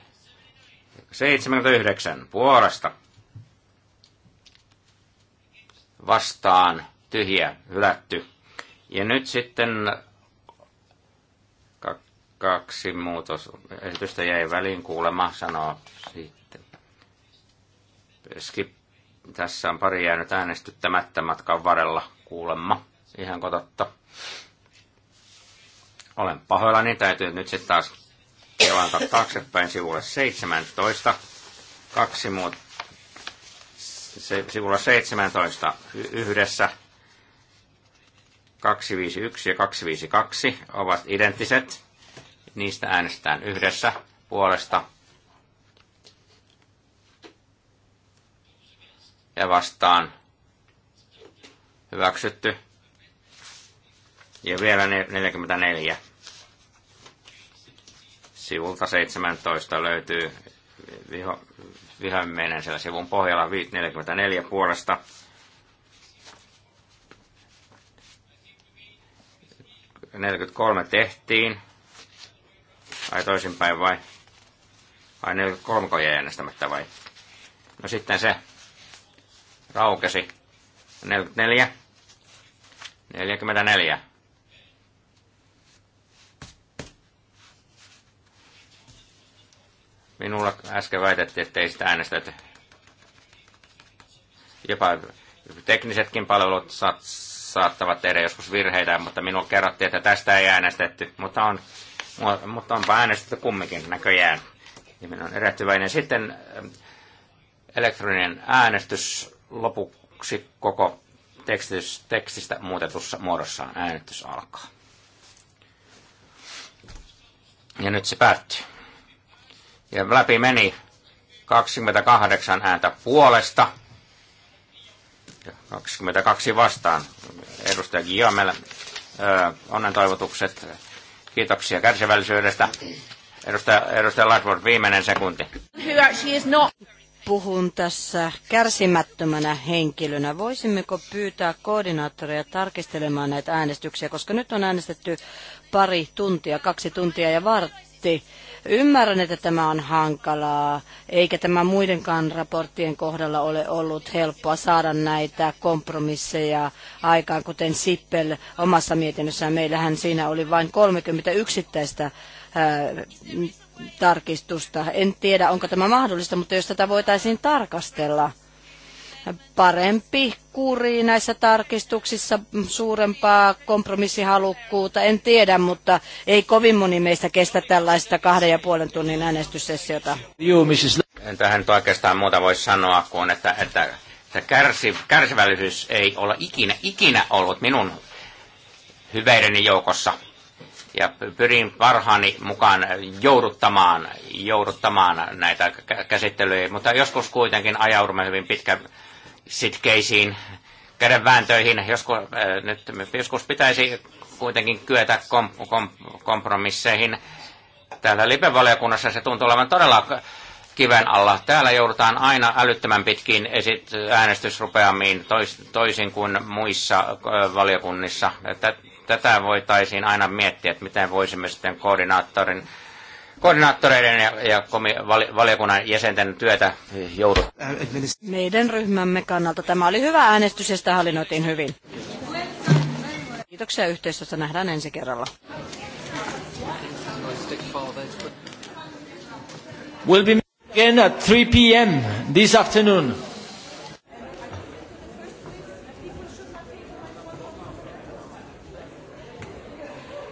79 puolesta. Vastaan tyhjä hylätty. Ja nyt sitten Kaksi muutosesitystä jäi väliin kuulema, sanoo sitten. Skip. Tässä on pari jäänyt äänestyttämättä matkan varrella kuulemma. Ihan kototta. Olen pahoillani, täytyy nyt sitten taas kelantaa taaksepäin sivulle 17. Kaksi muut se, sivulla 17 yhdessä 251 ja 252 ovat identtiset. Niistä äänestetään yhdessä puolesta ja vastaan hyväksytty. Ja vielä 44. Sivulta 17 löytyy viho, vihoimmeinen siellä sivun pohjalla 44 puolesta. kolme tehtiin. Ai toisinpäin vai? Ai ne jäi jännästämättä vai? No sitten se raukesi. 44. 44. Minulla äsken väitettiin, että ei sitä äänestetty. Jopa teknisetkin palvelut saattavat tehdä joskus virheitä, mutta minulla kerrottiin, että tästä ei äänestetty. Mutta on mutta onpa äänestetty kumminkin näköjään. Ihminen on erehtyväinen. Sitten ähm, elektroninen äänestys lopuksi koko tekstistä, tekstistä muutetussa muodossaan äänestys alkaa. Ja nyt se päättyy. Ja läpi meni 28 ääntä puolesta. Ja 22 vastaan. Edustaja Guillaume, onnen toivotukset Kiitoksia kärsivällisyydestä. Edustaja, edustaja Ladford, viimeinen sekunti. Puhun tässä kärsimättömänä henkilönä. Voisimmeko pyytää koordinaattoria tarkistelemaan näitä äänestyksiä, koska nyt on äänestetty pari tuntia, kaksi tuntia ja vartti. Ymmärrän, että tämä on hankalaa, eikä tämä muidenkaan raporttien kohdalla ole ollut helppoa saada näitä kompromisseja aikaan, kuten Sippel omassa mietinnössään. Meillähän siinä oli vain 30 yksittäistä tarkistusta. En tiedä, onko tämä mahdollista, mutta jos tätä voitaisiin tarkastella – parempi kuri näissä tarkistuksissa, suurempaa kompromissihalukkuutta, en tiedä, mutta ei kovin moni meistä kestä tällaista kahden ja puolen tunnin äänestyssessiota. En tähän nyt oikeastaan muuta voi sanoa kuin, että, että, että kärsi, kärsivällisyys ei ole ikinä, ikinä ollut minun hyveideni joukossa. Ja pyrin parhaani mukaan jouduttamaan, jouduttamaan näitä käsittelyjä, mutta joskus kuitenkin ajaudumme hyvin pitkä, sitkeisiin kädenvääntöihin. Joskus, äh, nyt, joskus pitäisi kuitenkin kyetä kom, kom, kompromisseihin. Täällä Lipevaliokunnassa se tuntuu olevan todella kiven alla. Täällä joudutaan aina älyttömän pitkiin esit- äänestysrupeamiin tois- toisin kuin muissa äh, valiokunnissa. Tätä voitaisiin aina miettiä, että miten voisimme sitten koordinaattorin koordinaattoreiden ja, ja valiokunnan jäsenten työtä joudut. Meidän ryhmämme kannalta tämä oli hyvä äänestys ja sitä hallinnoitiin hyvin. Kiitoksia yhteistyöstä. Nähdään ensi kerralla. We'll be again at 3 p.m. this afternoon.